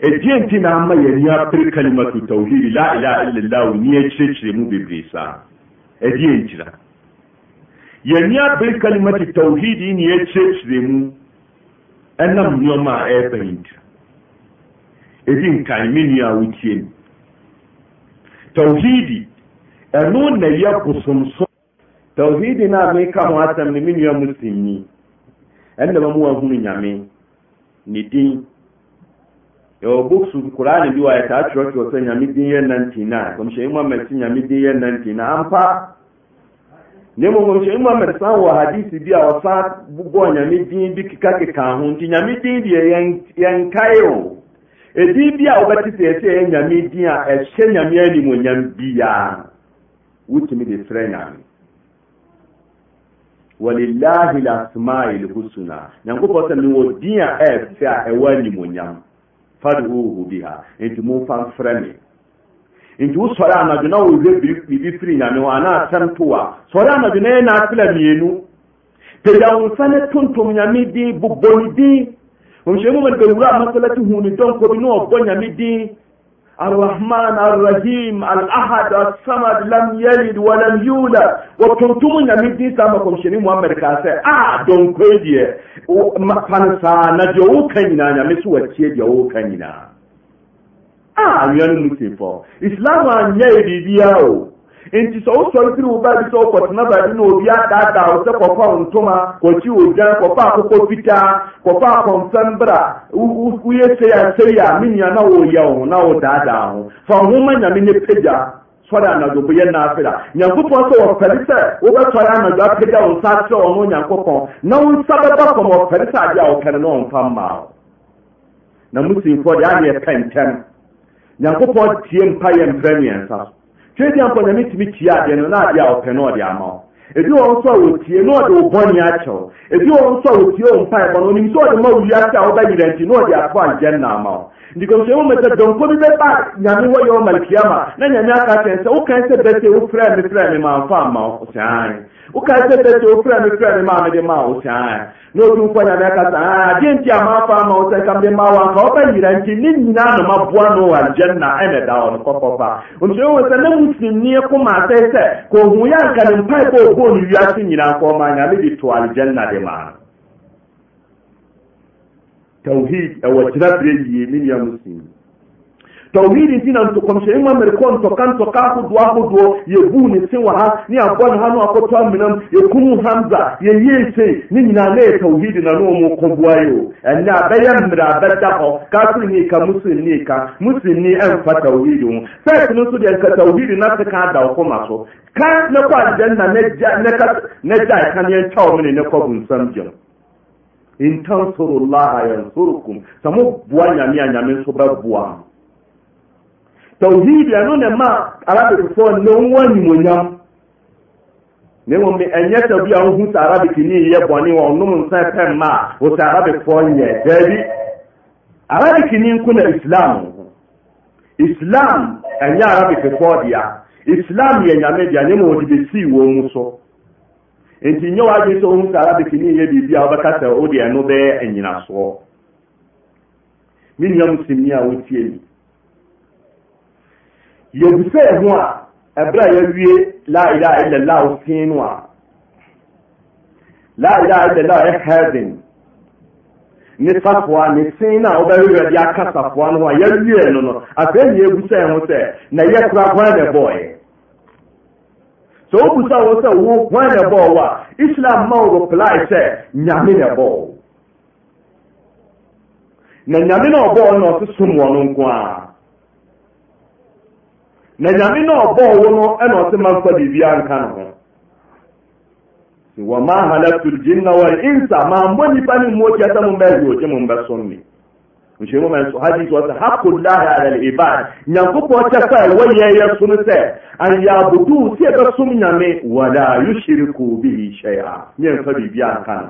E, nti na ama yɛni apere kalimatu tawhidi la ilaha allah ni akyerɛkyerɛ mu bebree saa e, ɛdeɛ nkyira yɛni apere kalimatu tawhid ni akyerɛkyerɛ mu ɛnam nneɛma a ɛreba yi ntira ɛdi nkan me nua a wotie mu tawhidi ɛno e, na yɛ bosomso tawhidi no a meka ho asɛm no me nua muslimni ɛnna ma mu wahunu nyame ne din obukusu koraa ne bi wɔ a yɛtaa sɛ nyame din yɛ nantin na kɔmhyɛni muhammad si nyame din yɛ na ampa na mmom kɔmhyɛni muhammad san wɔ hadise bi a ɔsan bɔ nyame din bi kekakeka ho nti nyame din deɛ yɛnkae o ɛdin bi a wobɛte sɛ yɛsɛ yɛ nyame din a ɛhyɛ nyame animonyam biaa wotumi de frɛ nyame walilahi lasmail husuna nyankopɔn sɛ mewɔ din a ɛɛfɛ e, e, a ɛwɔ animonyam faduhu biha nti momfa mfrɛ me nti wosɔre anadwo na wɔwie biribi firi nyame hɔ anaa asɛm to a sɔre anadwo na yɛ naafela mmienu pagya wo nsa ne tontom nyame din bobɔ ne din ɔmhyɛ mu ma no bɛwura amasalati hu ne dɔnkɔ bi na ɔbɔ nyame din arrahman arrahim alahad assamad lam yalid walam yulad wɔtontom nyame din saa ma kɔmhyɛne muhammad kaa sɛ a dɔnkɔe deɛ pane saa na deɛ woka nyinaa nyame so watie deɛ woka nyinaa a awea mu sefɔ islam anyɛe biribiaa o nti sɛ wosɔ firi wo ba bi sɛ wokɔtena baabi na obi adaadaa wo sɛ kɔfa ntoma kɔkyi ogyan kɔfa akokɔ fitaa kɔfa akɔmfɛm bra woyɛ sei a sei a me nua na woyɛ wo na wodaadaa ho fa nhoma nyame ne pagya sɔre anadwo yɛ naafira nyankopɔn sɛ wɔpɛre sɛ wobɛsɔre anadwo apagya wo nsa akyerɛ ɔno onyankopɔn na wo nsa bɛba fam wɔpɛre sɛ adeɛ a wɔpɛre na ɔmfa mmaa wo na musimfoɔ deɛ aneɛ pɛ ntɛm nyankopɔn mpa yɛ mprɛ mmiɛnsa so sɛdeɛ nkɔ nyame tumi kyia adeɛ no na adeɛ a ɔpɛ no ɔde ama ebi wɔn nso a wɔtie na ɔde wo bɔne akyɛw ebi wɔn nso a wɔtie wo mpaebɔ no onim sɛ ɔde ma wo wiase a wobɛyerɛ nti na ɔde ato angyɛ nna ama ndikɔmhyɛ mu mɛsɛ dɔnkɔ bi bɛba nyame hɔ yɛ ma na nyame aka kyɛn sɛ wokae sɛ bɛ wofrɛ me frɛ me ma wo saae sɛ bɛ wofrɛ me frɛ me mede maa wo saae na nyame aka ah, nti a ama wo sɛ ka mede maa wo anka wɔbɛ yira nti ne nyinaa no wɔ algyanna ɛnɛ da wɔ no kɔkɔfa nkyerɛ wo sɛ na muslimniɛ e, koma sɛ sɛ kɔhu ne ɔbɔɔ no wiase nyinaa nyame de to de maa no ɔgina berɛieenamutawhid tina nokyɛ a merekɔnɔka ɔka hooɔ hooɔ yɛbuu ne se ha ne nhakɔɔnam yɛkm hamsa yɛyisei ne yinaa nayɛ tawhid nane ɔmkɔ boayi o ɛnɛabɛyɛ mmrɛa bɛda hɔ kaseroika musiika musimni mfa tawhed ho sɛteno so deɛ nka tawhed nose ka dawokɔma so a kɔadɛnnaya ka neɛkaw mene no kɔbu nsam gyam intansurullaha yansurukum sɛ moboa nyame a nyame nso bɛboa mo tawhid ɛno ne ma arabifoɔ ne wo animonyam ne mmom ɛnyɛ sɛ bi a wohu sɛ arabikni yɛ bɔne wɔ ɔnom nsa pɛ mma a wo sɛ arabifoɔ nyɛ daabi arabikni nko na islam ho islam ɛnyɛ arabikfoɔ dea islam yɛ nyame dea ne ma wɔde bɛsii wɔ mu so nti nyɛ w'adwe sɛ ohun saa bikini yɛ biribi a wɔbɛka sɛ wode ɛno bɛyɛ anyinasoɔ me nua musimni a wotie ni yɛbisa e ɛho e a ɛberɛ a yɛawie la ilaha illallah wosee no a la ila illallah e ɛyɛ heaven ne safoa ne sen no a wobɛwewerɛ de aka safoa no ho a yɛawie no no afei ne yɛbisa ɛho sɛ na yɛ korakwan na ɛbɔɔyɛ sɛ wobu sa wo wo na a islam ma wo reply sɛ nyame na bɔɔ na nyame na ọtụtụ no ɔse nko a na nyame na ɔbɔɔ ma mfa biribia nka ne ho wama halaktu ljinna walinsa mambɔ nnipa ne mshadisɔ sɛ hako llah alalibad nyankopɔn kyɛfae wɔyɛ yɛ so no sɛ anyabuduu sɛ yɛbɛsom nyame wala yuhiriko bihi syia eɛmfa biribia nka ne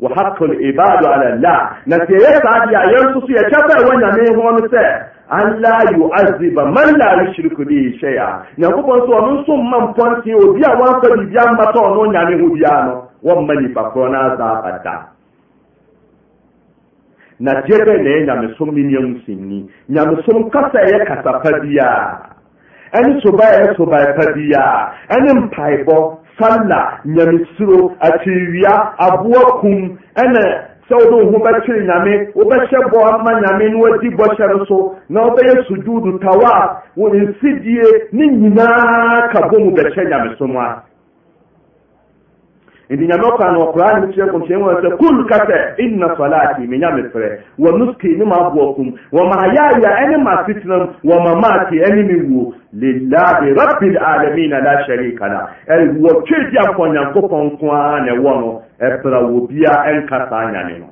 ho whao libad ala lah na sɛ yɛyɛ saa deɛ a yɛ nso so yɛkyɛfae wɔ nyame ho no sɛ anla yuaziba man la yusiriko bihi syɛi a nyankopɔn nso ɔno nso ma mpɔntee obi a wɔamfa biribia mmatɔɔ no nyame ho bia no wɔmma nnipa korɔ noaza bata nadeɛ bɛ na ɛyɛ nyame som me niam simni nyame som kasa ɛyɛ kasa pa bi a ɛne so bae ɛyɛ so bae pa bi a ɛne mpaebɔ salla nyame suro akyweriwia aboa kum ɛne sɛ wodewo ho bɛkwere nyame wobɛhyɛ bɔ ama nyame no wadi bɔ hyɛ no so na wobɛyɛ sudjuud tawa wo nsidie ne nyinaa ka bɔ mu bɛhyɛ nyame som a inti nyame kwano koraan ne mekyerɛ komkyeɛni wa ne sɛ kul kasɛ inna solati menyamesrɛ wa nuski ne ma aboakum wɔmahayaya ɛne masitnam wɔ mamaati ɛneme wuo lilahi rabbilalamina la sharika lah ɛɛwɔtweribiampa nyankopɔn ko aa newɔ no ɛpra wɔ bia ɛnkasaa nyane no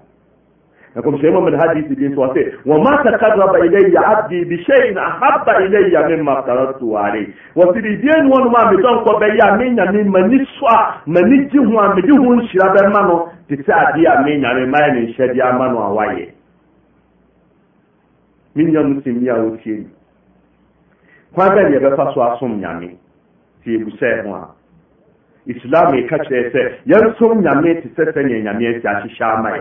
akamsema min hadithi liitwate wama takaraba ilayya abdi bishaiin ahaba ilayya mima aftaradtu alayh wɔsiri die no ɔnom a medɔnkɔ bɛyɛ a me nyame m'ani so a m'ani gye ho a mede ho nhyira bɛma no te sɛ adeɛ a me nyame mayɛ ne nhyɛdeɛ ama no a wayɛ me nyam sɛmi a wɔtie ni kwan bɛ ne yɛbɛfa so asom nyame nti yɛbu sɛ ho a islam ɛka kyerɛ sɛ yɛnsom nyame te sɛ sɛneɛ nyame asi ahyehyɛ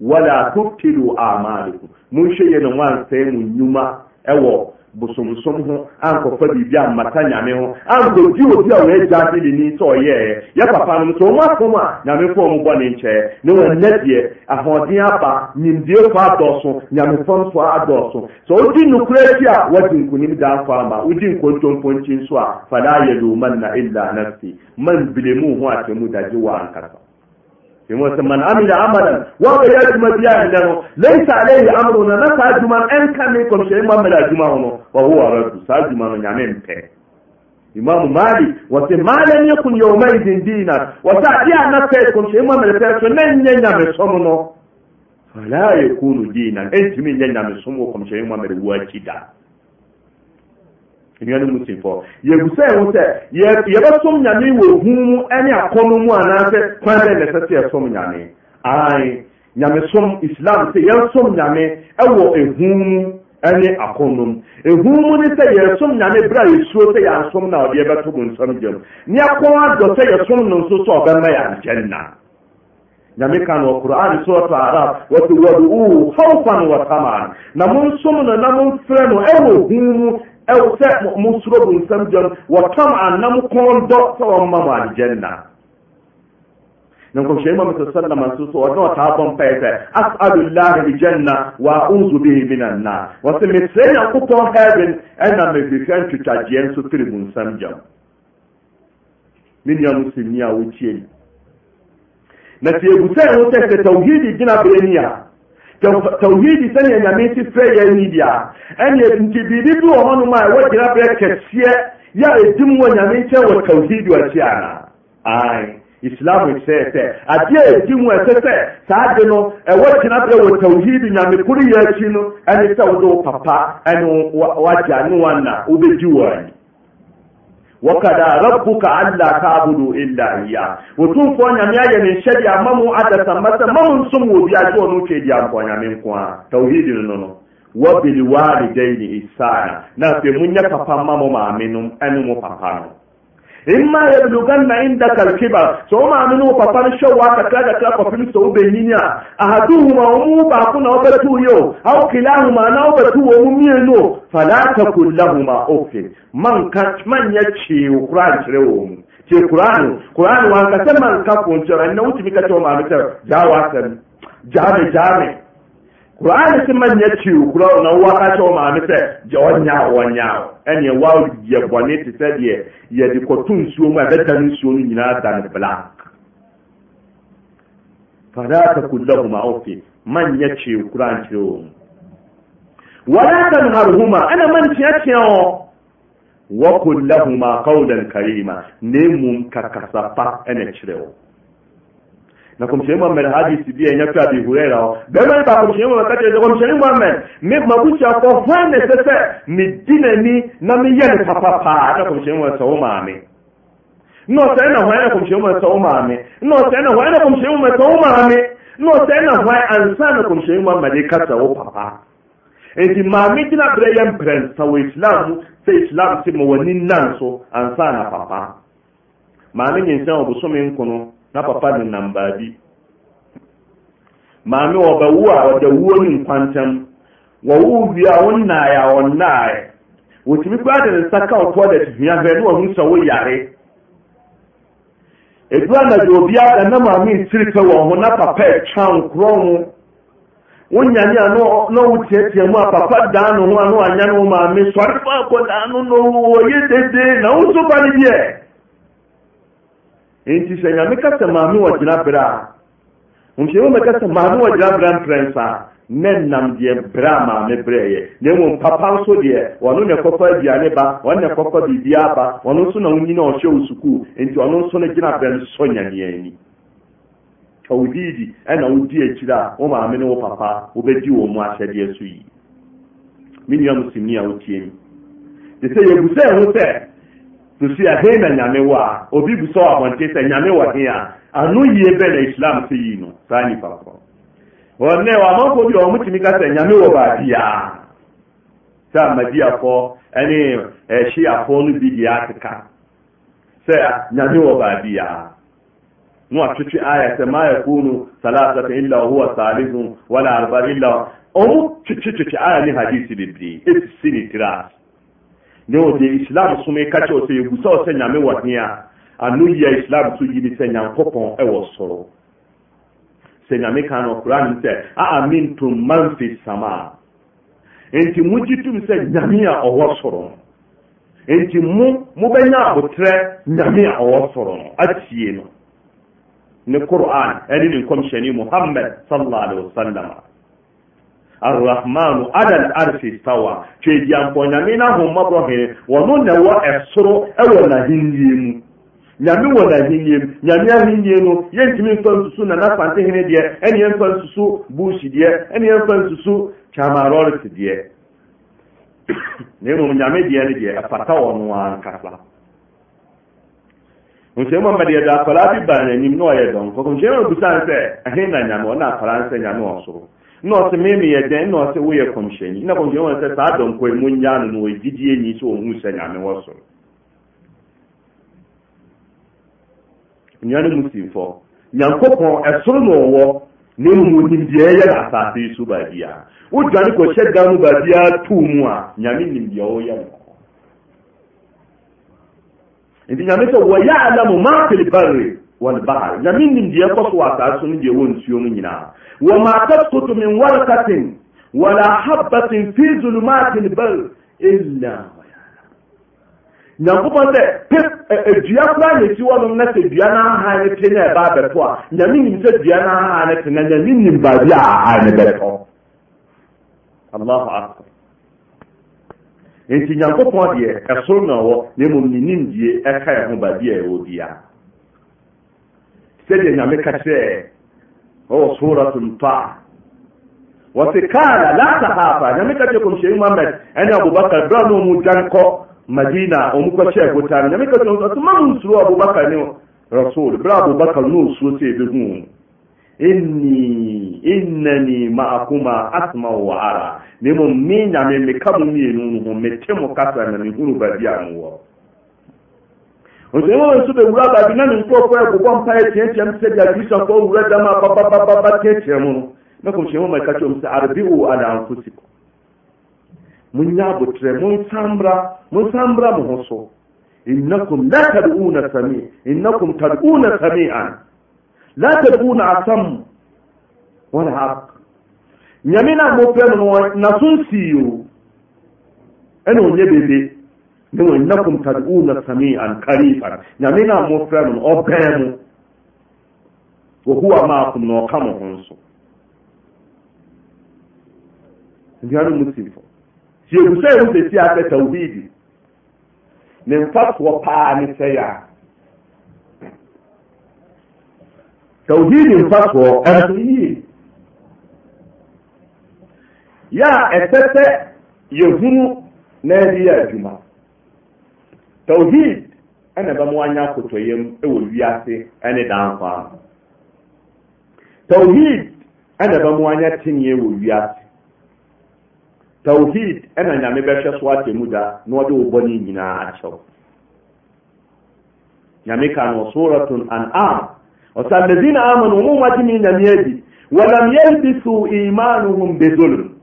wala tubtilu a'malikum mun sheye no wan sai mun nyuma ɛwɔ bosomsom ho ankɔfa biribi ammata nyame ho ankɔdi obi a wɔagya ne neni sɛ ɔyɛɛ ya papa nom sɛ ɔmo asom a nyame fa ɔmo bɔ ne nkyɛɛ na wɔnnɛ deɛ ahoɔden aba nimdie fa adɔɔso nyamefa nso adɔɔso sɛ wodi nokorɛ akyi a woadi nkonim daa fa ama wodi nkontomponkyi nso a fala yɛlumanna illa nafsi man bilemu ho atɛmu dagye wɔ ankasa man amina amalan waayauma bia eno laysa alayhi amrna nasaauma enkamiemeumahoo hwa rau saaumanoamepɛ imamu mali w malamyakun yumaidin denan wsaanapɛe na yɛ yam somno ala yakunu dinan entmiyamesea nnuanom musimfoɔ yɛbusa ɛho sɛ yɛbɛsom nyame wɔ hu mu ne akɔno mu anaasɛ kwan dɛn nɛ ɛsɛ sɛ yɛsom nyame ae nyamesom islam sɛ yɛsom nyame ɛwɔ ɛhu mu ne akɔnom ɛhu mu ne sɛ yɛsom nyame berɛ a yɛsuro sɛ yɛansom na ɔde yɛbɛto mu nsam gyam ne akɔn adɔ sɛ yɛsom no nso sɛ ɔbɛma yɛ aljanna nyame ka no quran surat arab wɔte waduuu hawfan wa tamaan na monsom no na momfrɛ no ɛwɔ hu mu ɛwɔ mo suro bo nsɛm gyam wɔtɔm anam kɔn dɔ na nkɔmhyɛni mu amesɛ sallam nso so ɔne ɔtaa bɔ mpaeɛ sɛ asalullahi wa unzu bihi min anna wɔsɛ mesrɛ nyankopɔn heaven ɛna mefirika ntwitwagyeɛ nso firi mo nsɛm gyam me nua musimni a wotie na sɛ ɛbu sɛ ɛho sɛ sɛ tawhidi sɛnea nyame nti frɛ yɛ ni deɛ a ɛneɛ nti biribi bi wɔ hɔnom a ɛwɔ gyinaberɛ kɛseɛ yɛ a ɛdi mu wɔ nyame nkyɛn wɔ tawhidi akyi anaa ae islam sɛ sɛ adeɛ a mu ɛsɛ sɛ saa de no ɛwɔ gyinaberɛ wɔ tawhidi nyame koro yɛ akyi no ɛne sɛ wode wo papa ɛne wagya ne wanna wobɛgyi wɔ ani wakada rabbuka anla taabudo ila iya wɔtumfoɔ nyame ayɛ menhyɛde amamo adasamba sɛ mamo nsom wɔ biagye wɔ no wotwe di ampɔ nyame nko a tawhidi no no no wa bilwalidaine isana na afei monyɛ papa ma mo maamenom ɛne mo papa no imma yablughanna indaka al-kibar ma aminu papar shawa ka kada ka papin so beninya ahaduhuma umu ba ba tu yo aw ma na obatu wo mu mieno fala takul lahuma uffin man ka man ci qur'an wo mu ce qur'an qur'an wa ka man ka kun jara na wuce mika to ma da jawa san jame jame koran ne se manyɛ kye wo kora ona wowɔka kyerɛ o maa ne sɛ gya ɔnyawo ɔnyao ɛneɛ wawa bɔne te sɛ deɛ yɛde kɔto nsuo mu a ɛbɛdan nsuo no nyinaa dane black fala takun lahuma oke manyɛ kyewo koraankyerɛ wɔ mu wala tanharohuma ɛna ma nteatea ɔ wakun lahuma kaulan karima ne mom kakasa pa ɛnɛ kyerɛ wo na kumshauri Muhammad haji sibia nyakati Abi Huraira bema ba kumshauri wakati ya kumshauri Muhammad mi mabuchi ya fane sese mi dine ni na mi yene papapa na kumshauri wa sawuma ame no tena hwana kumshauri wa sawuma ame no tena hwana kumshauri wa sawuma ame no tena hwana ansana kumshauri Muhammad kata wa papa enti mami gyina berɛ yɛ mprɛnsa wɔ islam se islamu si nan so ansana na papa maame nyinsɛn busumi nkono na papa ne nam baabi maame ɔbɛwo a ɔda wuo ne nkwantam wɔwo wie a wonnae a ɔnnae wɔtumi koraa de ne nsa ka ɔtoɔ da tuhia hwɛ ne wɔhu sɛ woyare ɛdura anadwo obi ada na maame nsiri pɛ wɔn ho na papa ɛtwa nkorɔ ho wonyane a na wotiatia mu a papa daa ne ho a na wanya ne wo maame sɔre fa akɔdaa no no wɔyɛ dedee na wo nso ba ne deɛ nti sɛ nyame kasa maame wɔ gyina berɛ a nhyiamu bɛka sɛ maame wɔ gyina berɛ mprɛnsa a ne nam deɛ berɛ a maame berɛeɛ na mmom papa nso deɛ ɔno ne kɔkɔ aduane ba ɔno ne kɔkɔ biribiaa ba ɔno nso na wonyina ɔhyɛ wo sukuu nti ɔno nso no gyina berɛ no sɔ nyaneaa ni ɔwodiidi ɛna wodi akyiri a wo maame ne wo papa wobɛdi wɔ mu ahyɛdeɛ so yi me nua musimni a wotie mi te sɛ yɛbu sɛ ɛho sɛ nso yɛ na nyame wɔ a obi bu wa ɔabɔnte sɛ nyame wɔ he a ano yie bɛ na islam sɛ yii no saa nipa korɔ ɔnɛ ɔmanfoɔ bi a wɔn tumi ka sɛ nyame wɔ baabi a sɛ amadiafoɔ ne ɛhyiafoɔ no bi deɛ akeka sɛ nyame wɔ baabi a na wɔatwetwe ayɛ sɛ ma yakunu salasata illa huwa salihun wala arba illa ɔmo twetwetwetwe ayɛ ne hadisi bebree ɛsisi ne tiri deɔ de islam som eka kyɛwo sɛ yɛbusa o sɛ nyame wɔ ne a ano yia islam so yi ni sɛ nyankopɔn ɛwɔ soro sɛ nyame ka ne korane m sɛ aamintum manfisama nti mogye tom sɛ nyame a ɔwɔ soro no nti mobɛnya aboterɛ nyame a ɔwɔ soro no atie no ne quran ɛne ne nkɔmhyɛni mohammad sala li wasalam arrahmanu adal arshi stawa twedi nyame no ahomma hene wɔno na ɛwɔ ɛsoro ɛwɔ n'ahennie mu nyame wɔ n'ahennie mu nyame ahennie no yɛntumi mfa nsusu nana fante hene deɛ ɛne yɛmfa nsusu bush deɛ ɛne yɛmfa nsusu deɛ na mmom nyame deɛ no deɛ ɛfata wɔ no ankasa mu akwaraa bi ba n'anim na ɔyɛ dɔnkɔ nkyɛn mu bisa nsɛ ɛhen na nyame ɔna akwaraa nsɛ nyame wɔ soro nọọsụ mmemme yɛ dɛn nọọsụ wo yɛ kɔmhyɛni na kɔmhyɛni wɔn sɛ saa dɔnkɔ yi mu nya no no egyidie nyi sɛ ohun sɛ nyame wɔ soro nnuane mu si fɔ nyankopɔn ɛsoro na ɔwɔ na emu nim deɛ ɛyɛ na asase yi so baabi a wodwane kɔhyɛ dan mu baabi a tuu mu a nyame nim deɛ ɔyɛ nti nyame sɛ wɔyɛ alamu maa fili barre namenimdeɛ ɛkɔ sowɔ asaase so no de wɔ nsuom nyinaa wama taskoto men warakaten wala habaten fi zulumat lbar ila yaa nyankopɔn sɛ adua koraa nɛ si wɔnom na sɛ dua no ahae ne te ne ɛbaa bɛtɔ a namenim sɛ dua no aha ne te na namenim baabi ahae ne bɛtɔ l aa nti nyankopɔn deɛ ɛsoro ne ɔwɔ nemmom nennimdie kaɛ ho baabi a ɛwɔ bia sɛdeɛ nyame ka kyerɛɛ ɔwɔ oh, oh, suratu ntaa wɔte kala la sahafa nyame ka kyerɛ kɔmhyɛni mohamad ɛne yaani abubakar berɛ ne ɔmu dwan kɔ madina ɔmu kɔhyɛɛ botaa no nyame ka kyerɛ ɔsɛ ma nsuro abubakar ne rasul berɛ abobakar abubakar ne ɔsuro sɛ ɛbɛhuu inni innani ma'akuma asma'u wa ara ne me nyame meka mo mmienu no ho mete mo kasa na mehunu baabi a mowɔ ɔnkyɛmmomɛso bɛwura baabi na ne ntoɔpɔ ɛgo bɔ mpayɛ keakɛm t sɛde a christian fwuradamababa tea kyiɛm no naymɛkam sɛ arbio ala ampfosico monya aboterɛ monsambra mo ho so innakum tado na samian la taduuna asam aa nyameno amoprɛ mo no naso nsiio ɛne ɔnyɛ bebe ndio innakum tad'una samian qarifan na mina mufremu mun opem wa huwa ma'akum no kamo honso ndiano musimfo sie kusɛ wo sɛ sie akɛ tawhidi ne mfasoɔ paa ne sɛe a tawhidi mfasoɔ ɛnso yie yɛ a yɛhunu na ɛde yɛ adwuma na ɛna ɛbɛmo anya akotɔyam ɛwɔ wiase ɛne danko ano tauhid ɛna ɛbɛmo anya teneɛ wɔ wiase tauhid ɛna nyame bɛhwɛ so atemu da na ɔde wo bɔne nyinaa akyɛw nyame ka no suratun an'am ɔsɛ alladina amanu ɔmo mu atumi nyame adi walam imanuhum bizulm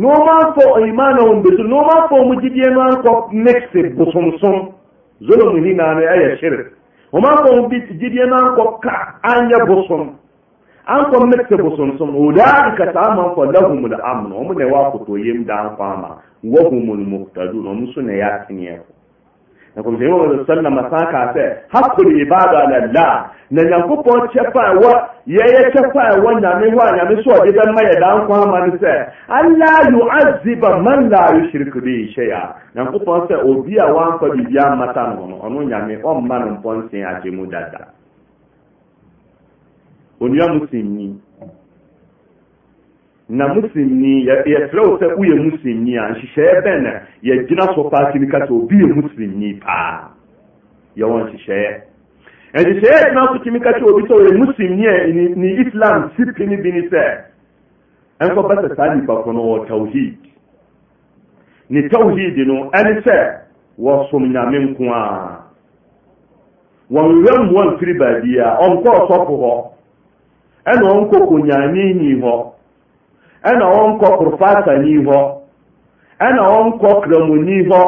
na noma fo oimana on besu noma fo mujidiema ko nexe bosomsom zolo mini nane aya shirk oma fo mujidiema ko ka anya bosom an ko ka bosomsom ulaika ta'ama fa lahum al-amn wa mun wa ko to yim da an fama wa humul muhtadun mun sunaya tiniya ko nakwa mgbe enwere nsọ na masaka ase hapụrụ ibada na la na nyankopɔn kyɛfa ya yɛyɛ kyɛfa ɛwɔ nyame hɔ a nyame so ɔde bɛma yɛ daa nkwa ama no sɛ ala yuaziba man la yushrik bihi shay'a nyankopɔn sɛ obi a wamfa biribi ammata no no ɔno nyame ɔmma no mpɔnsee agye mu dada onua muslimni na musimni yɛsrɛ wo sɛ woyɛ musimni a nhyehyɛeɛ bɛn na yɛgyina so paa tumi ka seɛ obi yɛ muslimni paa yɛwɔ nhyehyɛeɛ ɛnhyehyɛeɛ gyina so tumi ka ke obi sɛ ɔyɛ musrimi a ne islam si pine bi ne sɛ ɛmfa bɛ sɛ saa nipa kɔ no ɔwɔ tawhed ne tawhid no ɛne sɛ wɔsom nnyame nko a wɔnwa mmua mfiri baadi a ɔnkɔɔsɔpo hɔ ɛne ɔnkɔkɔnya ninyi hɔ ɛna wɔnkɔ krofasani hɔ ɛna ɔnkɔ kramɔni hɔ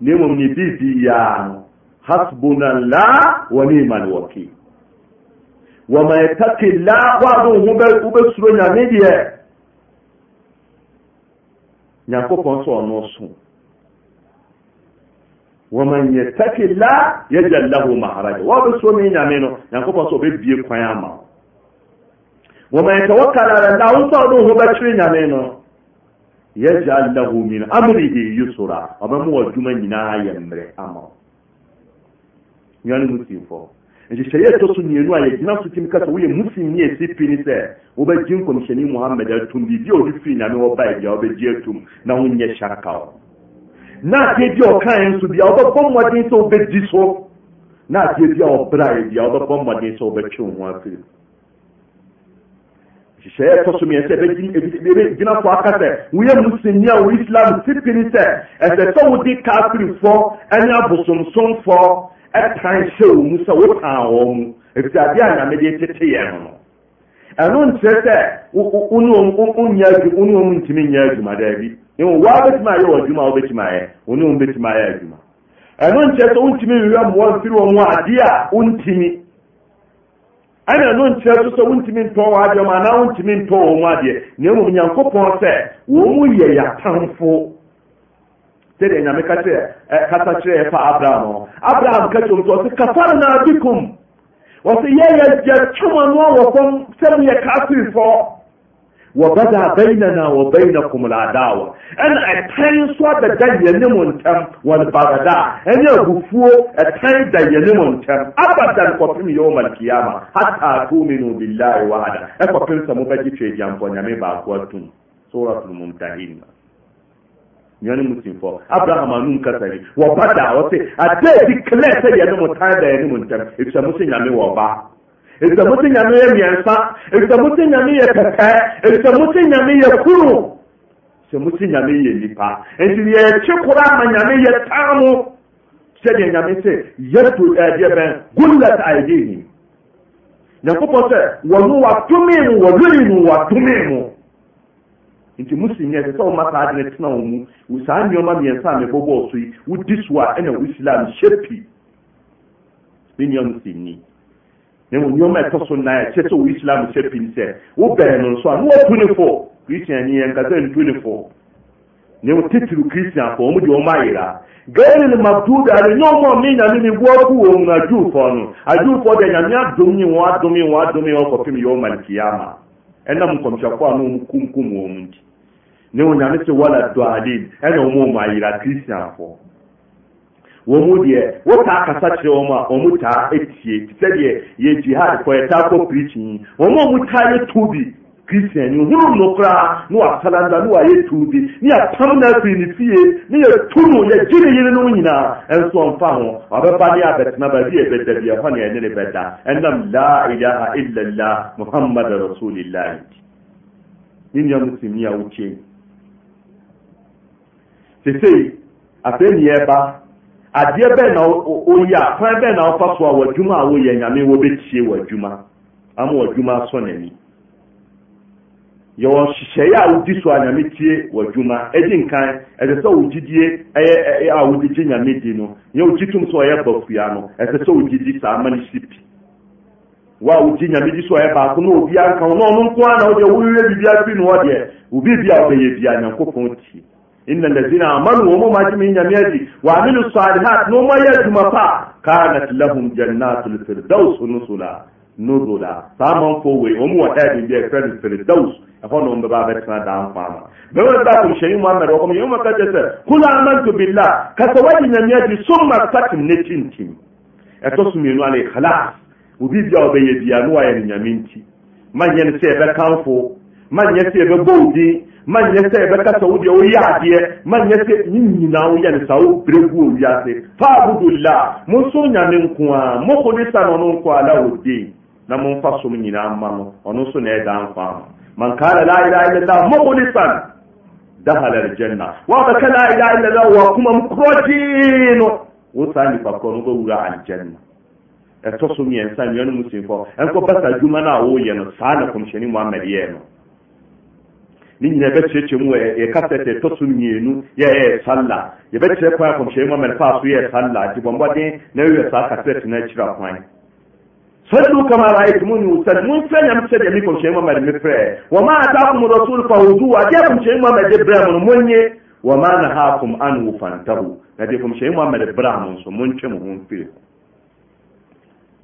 ne mmom ne birbi yaa no hasbunallah wɔ ne ima nowakii waman yatakilah woado w ho wobɛsuro nyame deɛ nyankopɔn sɛ ɔno so waman yattakillah yagal laho mahrajah wo bɛsuro me nyame no nyankopɔn sɛ ɔbɛbie kwan amao ومن يتوكل على الله وصانوه بشرين منه يجعل له من nti so a yɛgyina so tim woyɛ ne ɛsi pini sɛ wobɛgye nkɔmhyɛne atom biribi a ɔde firi nyame bia wobɛgye atom na wonyɛ hyarakaw na adeɛ bi a ɔkaeɛ nso bia wobɛbɔ mmɔden sɛ wobɛdi so na adeɛ bi a ɔbraeɛ bia wobɛbɔ mmɔden sɛ wobɛtwe wo ho hyehyɛeɛ ɛtɔ so mmiɛnsa ɛbɛgyina so aka sɛ woyɛ musulmi a wo islam tipini sɛ ɛsɛ sɛ wode kafirifoɔ ne abosomsomfoɔ ɛtan hyɛ wo mu sɛ wotan wɔ mu ɛfiri adeɛ a nyame de tete yɛn no ɛno nkyerɛ sɛ wonya adwuma wo ne ɔmu ntumi nyɛ adwuma daa bi mmom woa bɛtumi ayɛ wɔ adwuma a wobɛtumi ayɛ wo ne ɔmu bɛtumi ayɛ adwuma ɛno nkyerɛ sɛ wontumi nwewɛ mmoa mfiri wɔ ho ɛna no nkyerɛ so sɛ wontumi ntɔ wɔ adeɛ ma anaa wontumi ntɔ wɔ mu adeɛ na mmom nyankopɔn sɛ wɔn mu yɛ yɛatamfo sɛdeɛ nyame ka kyerɛ kasa kyerɛ ɛfa abraham hɔ abraham ka kyerɛ sɛ ɔsɛ kafara na abikum wɔsɛ yɛyɛ gyɛ twoma no a wɔ fam sɛ moyɛ kaaseefoɔ وبدا بيننا وبينكم العداوة أنا أتحين سوى بدل ينمون تم والبغداء أنا أبفو أتحين دا ينمون تم أبدا كفرم يوم القيامة حتى تؤمنوا بالله وحده أكفرم سمبجي في جنبو نمي باقواتون سورة الممتحين nyɔnu musinfɔ abraham anum kasari wɔba da ɔsɛ ade edi kilɛ sɛ yɛne mo tan da yɛne mo ntɛm efisɛ mo se nyame wɔ ba ɛfisɛ mote nyame yɛ mmiɛnsa ɛfisɛ mote nyame yɛ pɛpɛɛ ɛfisɛ mote nyame yɛ kunu sɛ mote nyame yɛ nipa nti yɛkye koro ama nyame yɛ taa mo sɛdeɛ nyame sɛ yɛto ɛdeɛ bɛn gullat aidihim nyankopɔn sɛ wɔno watomee mo wɔlɔyi no watomee mo nti musi nyɛ sɛ sɛ woma saa ade no tena wo mu saa nneɔma mmiɛnsa a mebɔbɔɔ so yi wodi so a ɛna wo islam hyɛ pi me nua musimni na mmom nneɛma ɛtɔ so nan ɛkyɛ sɛ wo islam hyɛ pin sɛ wo bɛn no nso a na watu ne fo kristian ni yɛn kasa ntu ne fo na wo titiri kristian fo wɔn de wɔn ayera gɛɛri ni mabdu da ne nyɔmɔ mi nyame mi bu ɔku wɔ mu na aduufo no aduufo de nyame adum yi wɔn adum yi wɔn adum yi wɔn kɔpem yɛ ɔma nkiyama ɛnam nkɔmhyɛfo a na wɔn kumkum wɔn mu nti ne wo nyame sɛ wala dɔaden ɛna wɔn mu ayera kristian fo wɔn mu deɛ wɔtaa kasa kyerɛ wɔn a wɔn taa etie sɛdeɛ yɛ jihad kɔ yɛtaa kɔ pirikyin wɔn a wɔn taa yɛ tu bi kristian ni hunu no koraa ne wasalanda ne wayɛ tu bi ne yɛpam no afiri ne fie ne yɛtu no yɛgye ne yere no nyinaa ɛnso ɔmfa ho ɔbɛba ne abɛtena baabi a ɛbɛda bi ɛhɔ ne ɛne ne bɛda ɛnam la ilaha illallah muhammad rasulillah ne nua musimni a wotie sesei afei ne yɛba adeɛ bɛn na oyi a kwan bɛn na ɔfa so a wadwuma a woyɛ nyame wadwuma ama wadwuma n'ani yɛwɔ a wodi so a nyame tie wadwuma nkan ɛsɛ sɛ wogyidie ɛyɛ a wode gye nyame di no nyɛ tom sɛ ɔyɛ bafua no ɛsɛ sɛ wogyidi saa ma no si pi wa wogye nyame di so ɔyɛ baako na obiara nka ho na ɔno nko na biribia no hɔ deɛ obi bi a wobɛyɛ bia nyankopɔn tie inain aaiai wiu الsalihat yaumap at annat فirdws irsa aant biah sawai a tao manyɛ sɛ yɛbɛbɔ wo din manyɛ sɛ yɛbɛkasa wo deɛ woyɛ adeɛ manyɛ sɛ ne nyinaa woyɛ no saa wobrɛ gu wɔ wiase faabudullah mo nyame nko moko ne sa no ɔno nko a la wɔ din na momfa som nyinaa ma no ɔno nso na ɛda nkwa ama man kala la ilaha illallah mukhlisan dahala aljanna wa baka la ilaha illallah wa kuma mukroji no wo saa nipa kɔ no bɛwura aljanna ɛtɔ so mmiɛnsa nnuanom simfɔ ɛnkɔ basa adwuma no a woyɛ no saa na kɔmhyɛne muhammad yɛɛ no iayɛbɛkyerɛ kyɛ ɛkasti so mienɛɛɛ sala yɛɛkyerɛ wa yɛimuayɛ salagy ɔnɛsaakaset nekyira kwan sallukamarait mue wosan monkerɛ nyameɛdeɛ mefyɛnimumademe frɛɛ ɔma atakom rasul fahozoa deɛ foyɛnimu made berɛ mo no moye ama nahakom an wofantaho nade fɔyɛnimu made brɛ mosomontwɛ mo homfiri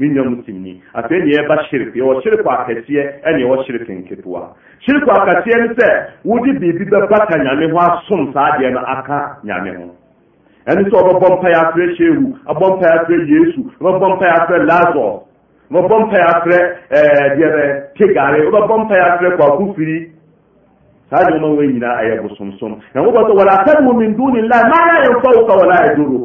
ne nua muslimni afei neɛ ɛba hyiriki ɛwɔ hyiriki akɛseɛ ɛne ɛwɔ hyiriki nketewa hyiriki akɛseɛ ne sɛ wode biribi bɛba ka nyame ho asom saa deɛ no aka nyame ho ɛne sɛ ɔbɛbɔ mpaeɛ afrɛ shehu ɔbɔ mpaeɛ afrɛ yesu ɔbɛbɔ mpaeɛ afrɛ lazarus ɔbɛbɔ mpaeɛ afrɛ eh, ɛɛ deɛ bɛ pigare ɔbɛbɔ mpaeɛ afrɛ kwaku firi saa nneɛma wɔn nyinaa ɛyɛ bosomsom na wɔbɛsɛ wɔlɛ atɛnumu min la maa yɛ nfa wo ka wɔlɛ ayɛ duru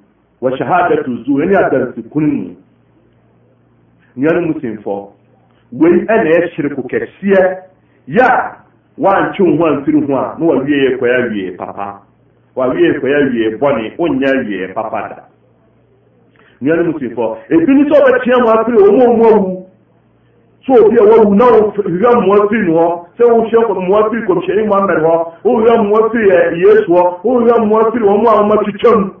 wa shahadatu zu ne adansi kunni nyanu musimfo wei ɛna yɛ hyiriko kɛseɛ yɛ wankye ho amfiri ho a na wawie yɛ kɔyɛ awie papa wawie kɔyɛ awie bɔne wonyɛ awie papa da nuanom simfo ebi ni sɛ ɔbɛkyea mu afiri ɔmo ɔmo awu so obi a wawu na ohwehwɛ mmoa firi no hɔ sɛ wohwɛ mmoa firi kɔmhyɛni mohamɛd hɔ wohwɛ mmoa firi yesu hɔ wohwɛ mmoa firi wɔn a wɔmatwitwa mu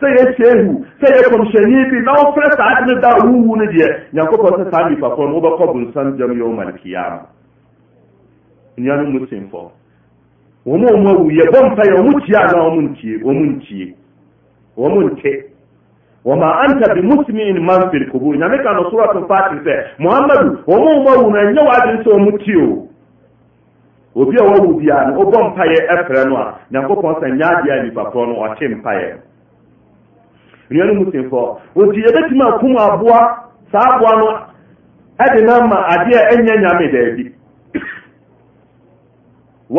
sɛ yɛhyɛ sɛ yɛ kɔmhyɛni bi na wofrɛ saa ade da a no deɛ nyankopɔn sɛ saa nnipafoɔ no wobɛkɔ bonsam gyam yɛwoma alkiyama nnuanom muslimfoɔ wɔn a wɔn awu yɛ mpa yɛ wɔn tie anaa wɔn ntie ntie nte anta bi kubu nyame ka no soro fati fa muhammadu wɔn a na awu no nso o obi a biara e no no a nyankopɔn sɛ a naifɔɔti yɛbɛtumi akum aboa saa boa no de nema adeɛ yɛ nyame daabi w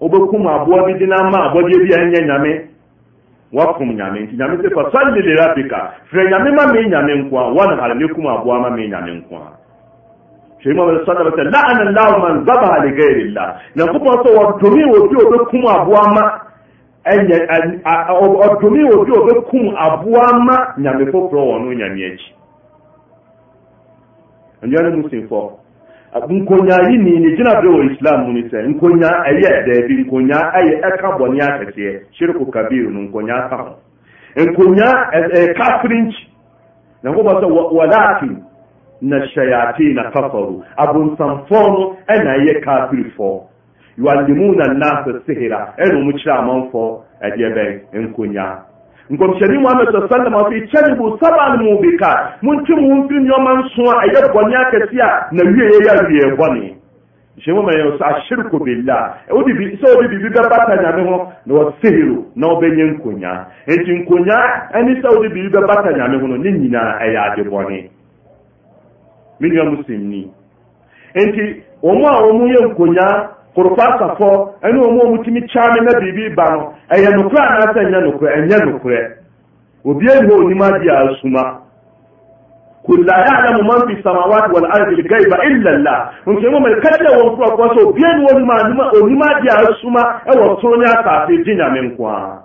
bɛbɛ b bi denoma bad biayɛ nyamewknyamntinamsɛ fasali lerabika frɛ nyamemame nyame nkawneharneku maae n a sasɛ laana lahu manzabha legaire llah nyankopɔn sɛ wɔdɔmi ɔbi ɔbɛkum ba ma ɛnyɛ ɔdome wɔ bi ɔbɛkum aboa ma nyame foforɔ wɔ no nyame akyi nnuane musimfoɔ nkonyayini ne gyina berɛ wɔ islam mu no sɛ nkonya ɛyɛ daabi nkonya ɛyɛ ɛka bɔne akɛseɛ shirku kabir no nkonya ka ho nkonya kafiri nkyi nyankopɔn sɛ walakin na shayatin kafaru abonsamfoɔ no ɛna ɛyɛ kafirifoɔ yuallimuna nnasa sihira ɛne mu kyerɛ amanfoɔ ɛdeɛ bɛn nkonya nkɔmhyɛni muhammad sallama fi kyɛnibu saban mu bika montwe mo mfiri nneɔma nso a ɛyɛ bɔne akɛse a na wieɛ yɛ awieɛ bɔne nhyɛmu ma yɛn so ahyiriko billah wode bi sɛ wode biribi bɛbata nyame ho na wɔsehiro na wobɛnyɛ nkonya enti nkonya ɛne sɛ wode biribi bɛbata nyame ho no ne nyinaa ɛyɛ ade bɔne me nua muslimni enti wɔn a wɔn yɛ nkonya korokwa asafo ɛne wɔn a wɔtumi kyaame na biribi ba no ɛyɛ nokorɛ anaasɛ ɛnyɛ nokorɛ ɛnyɛ nokorɛ obiara ni hɔ onim adeɛ a asuma kula ya'lamu man fi samawati wal ardi al-ghaiba illa Allah nti mo mel kada won kura kwa so biye ni won ma onima dia suma e wo so nya ta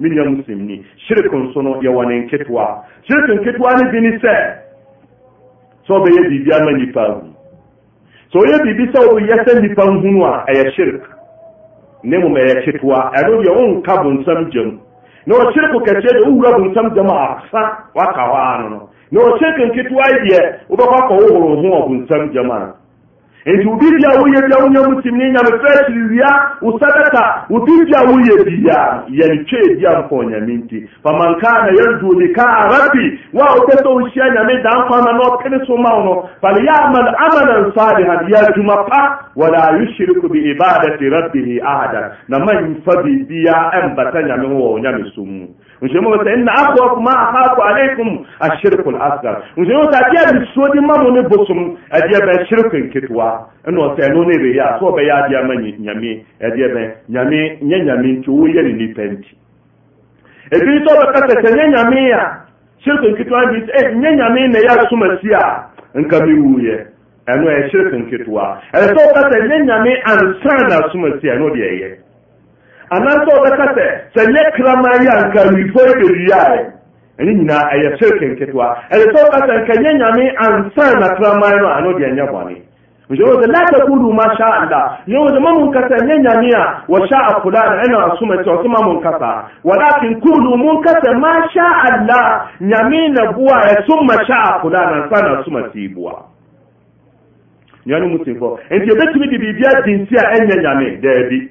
minamsɛm ni shirik nso no yɛwɔ ne nketewa syirik nketewa no bi ni sɛ sɛ wobɛyɛ biribi ama nnipa hu sɛ woyɛ biribi sɛ woyɛ sɛ nnipa nhu nu a ɛyɛ shyirik ne mom ɛyɛ ketewa ɛnodeɛ wonka bonsam gyam na ɔ syirik wokɛkyerɛ deɛ wowura abonsam gyam a asa woaka hɔ a no no na ɔ shyirik nketewa yeɛ wobɛkɔakɔ wohoro hoɔ abonsam gyamu a ekyobirya byawunya mukimyinya bifeesiriza usadaka utibyawiye biya yalikye byamukonya nti faman kana yarju likaa rabbi wa uteso ushiya nyame dankwana nopene somauno falyamal amalan salihan yajuma pa wala yushiriku biibadati rabbihi ahada namanyifa bibiya embata nyame woonyame sumu nzembo ta inna akhwaf ma akhafu alaykum ash-shirk al-asghar nzembo ta dia bisodi mamu ne bosum adia ba shirk nketwa no ta no ne be ya so be ya dia ma nyame adia be nyame nya nyame nti wo ye ni penti ebi so ba kata ta nya nyame ya shirk nketwa bi eh nya nyame ne ya suma sia nka mi wuye ɛno ɛyɛ e shirk nketwa ɛsɛ e so kata nye nyami ansa na suma sia no de ɛyɛ anaasɛ ɔbɛka sɛ sɛ nyɛ kraman yɛ anka wifo ɛbɛwiaɛ ɛne nyinaa ɛyɛ sirke nketewa ɛyɛ sɛ ɔka sɛ nka nyɛ nyame ansan na kraman no a ɛno deɛ nyɛ bɔne yawon da la ta kudu ma sha Allah yawon da mamun kasa ne nyamiya wa sha a kula da ina e su mai cewa su mamun kasa walakin kudu mun kasa ma sha Allah nyame na buwa ya sun ma sha a kula na sana su ma si buwa nyani mutum ko in ce bai tuni bibiya jinsiya yan nyanyame da ya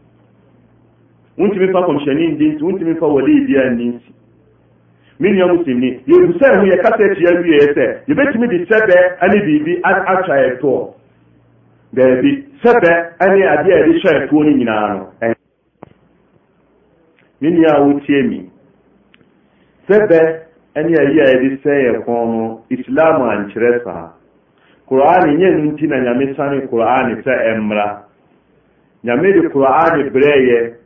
ontimifa coyɛneoiaea eaimiɛusɛhyɛasɛtaeɛ sɛ yɛbɛtumi de sɛbɛ ne biribi awaɛtoɔ daabi sɛbɛ ne aeaɛde ɛɛtɔ no yinaa no ena woi mi sɛbɛ ne ayiaɛde sɛnɛ kɔn no islam ankyerɛ saa krane yɛno nti na nyame sane krane sɛ ɛmmra nyamede krane berɛyɛ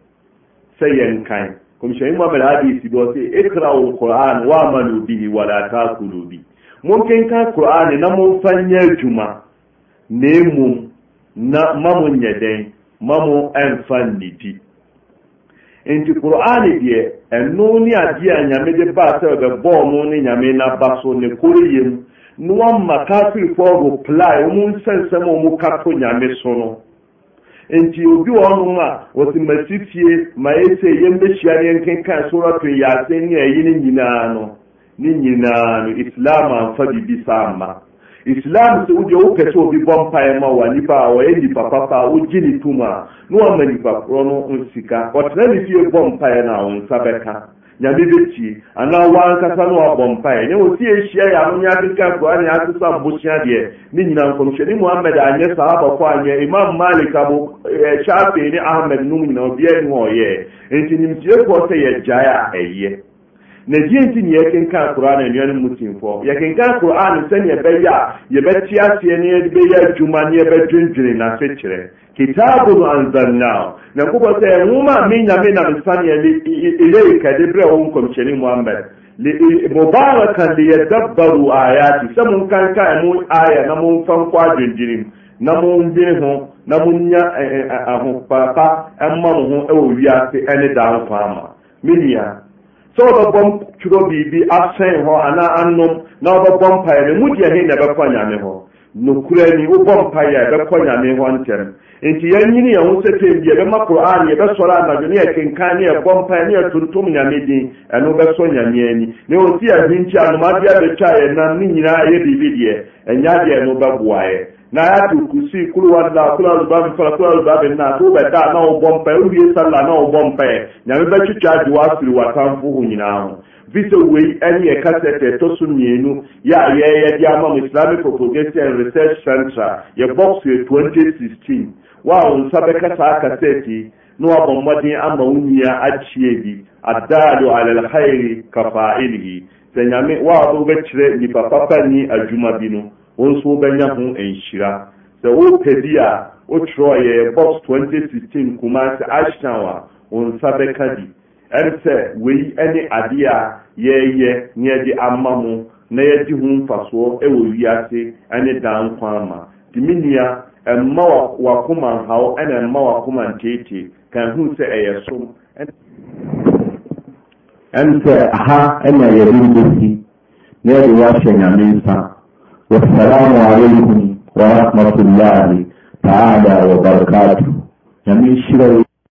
sɛyɛ nkan commisionimameraadesibihɔ sɛ ikraol qoran wamanoobihi wala takoloobi monkenka qoran na momfa nyɛ adwuma ne ɛmom na mamo nyɛ dɛn ma mo ɛmfa nni di nti kor'ane deɛ ɛno ne adeɛ a nyame de ba a sɛ wɛbɛbɔɔno ne nyame noba so ne koroiɛ m na woama karkirypɔ ro ply womo nsɛnsɛm ɔ mu ka ko nyame so no nti obi wɔ hɔnom a wɔsi masitie ma ese yɛmbɛhyia ne yɛnkenkan sorato yaase ne ɛyi ne nyinaa no ne nyinaa no islam amfa biribi saa mma islam sɛ wodeɛ wopɛ sɛ obi bɔ mpaeɛ ma wa nipa a wɔyɛ nipa papa a wogye ne tom a na wama nipa korɔ no nsika ɔtena ne fie bɔ mpaeɛ no a wo nsa bɛka nyame ana wa woankasa ne wabɔ mpae ne wo si ɛhyia yɛ ano nya beka koa ne asesa mbokyea deɛ ne nyina nkɔmhyɛne muhammad anyɛ sahabafo anyɛ imam malik abo eh, shafii ne ahmed nom nyina obiaa ni hɔ ɔyɛɛ enti nimtie kɔɔ sɛ a ɛyɛ na ɛdeɛ nti ne yɛkenkan koraa na anuanom mu timfoɔ yɛkenkan koraa no sɛneɛ ɛbɛyɛ a yɛbɛte aseɛ ne yɛde ya adwuma ne yɛbɛdwendwene n'asekyerɛ kitabu no anzalnao nyankopɔn sɛ ɛnwoma a me nyame nam saneɛ ileika de berɛ wo nkɔmhyɛne muhammad mubarakan liyadabbaru ayati sɛ monkankan mo aya na momfa nkɔ adwendwenem na mondwene ho na monya e, e, ahopapa ɛma e, mo ho ɛwɔ wiase ɛne daa nkwa ama menua sɛ wɔbɛbɔ twerɛ biribi asan hɔ ana anom na wɔbɛbɔ mpaeɛ no mu deɛ he na ɛbɛkɔ nyame hɔ nokora ni wobɔ mpaeɛ ya ɛbɛkɔ nyame hɔ ntɛm nti yɛnyini yɛn ho sɛtɛm bi yɛbɛma koran yɛbɛsɔre na ne yɛkenkan ne yɛbɔ ya ne yɛtontom nyame din ɛno wobɛsɔ nyame ani na ya ɔsi ahwinti anomade ya yɛnam ne nyinaa ɛyɛ biribi deɛ ɛnyɛ adeɛ no ya. naɛtookosii krokoakoawoɛdanaop oe salana wobɔmpaɛ nyame bɛtwitage wo aforo w'atamfo ho nyinaa ho fir sɛ wei neɛ kasete ɛtɔ sommienu yɛayɛyɛde amam islamic popogasion research centra yɛ bos ɛ 2016 woa wo nsa bɛkasaa kasɛti na woabɔ mmɔden ama wo nyia akyeebi adaado alalgaire kafailhi sɛ nyame woabɛ wobɛkyerɛ nnipa papani adwuma bi no wɔn nso wɔbɛnya ho nhyira sɛ wopɛ bi a wokyerɛɔyɛ box 2016 kuma sɛ ahyew a wo nsa bɛka bi ɛne sɛ wei ne adeɛ a yɛyɛ ne yɛde ama mo na yɛde ho mfasoɔ wɔ wiase ne daa nkwa ama nti me nua ɛmma wakoma nhaw ɛna ɛmma wakoma nteetee kan hu sɛ ɛyɛ som ɛne sɛ aha ɛna yɛde mbɛsi na yɛde woahyɛ nyame nsa والسلام عليكم ورحمة الله تعالى وبركاته جميل شغل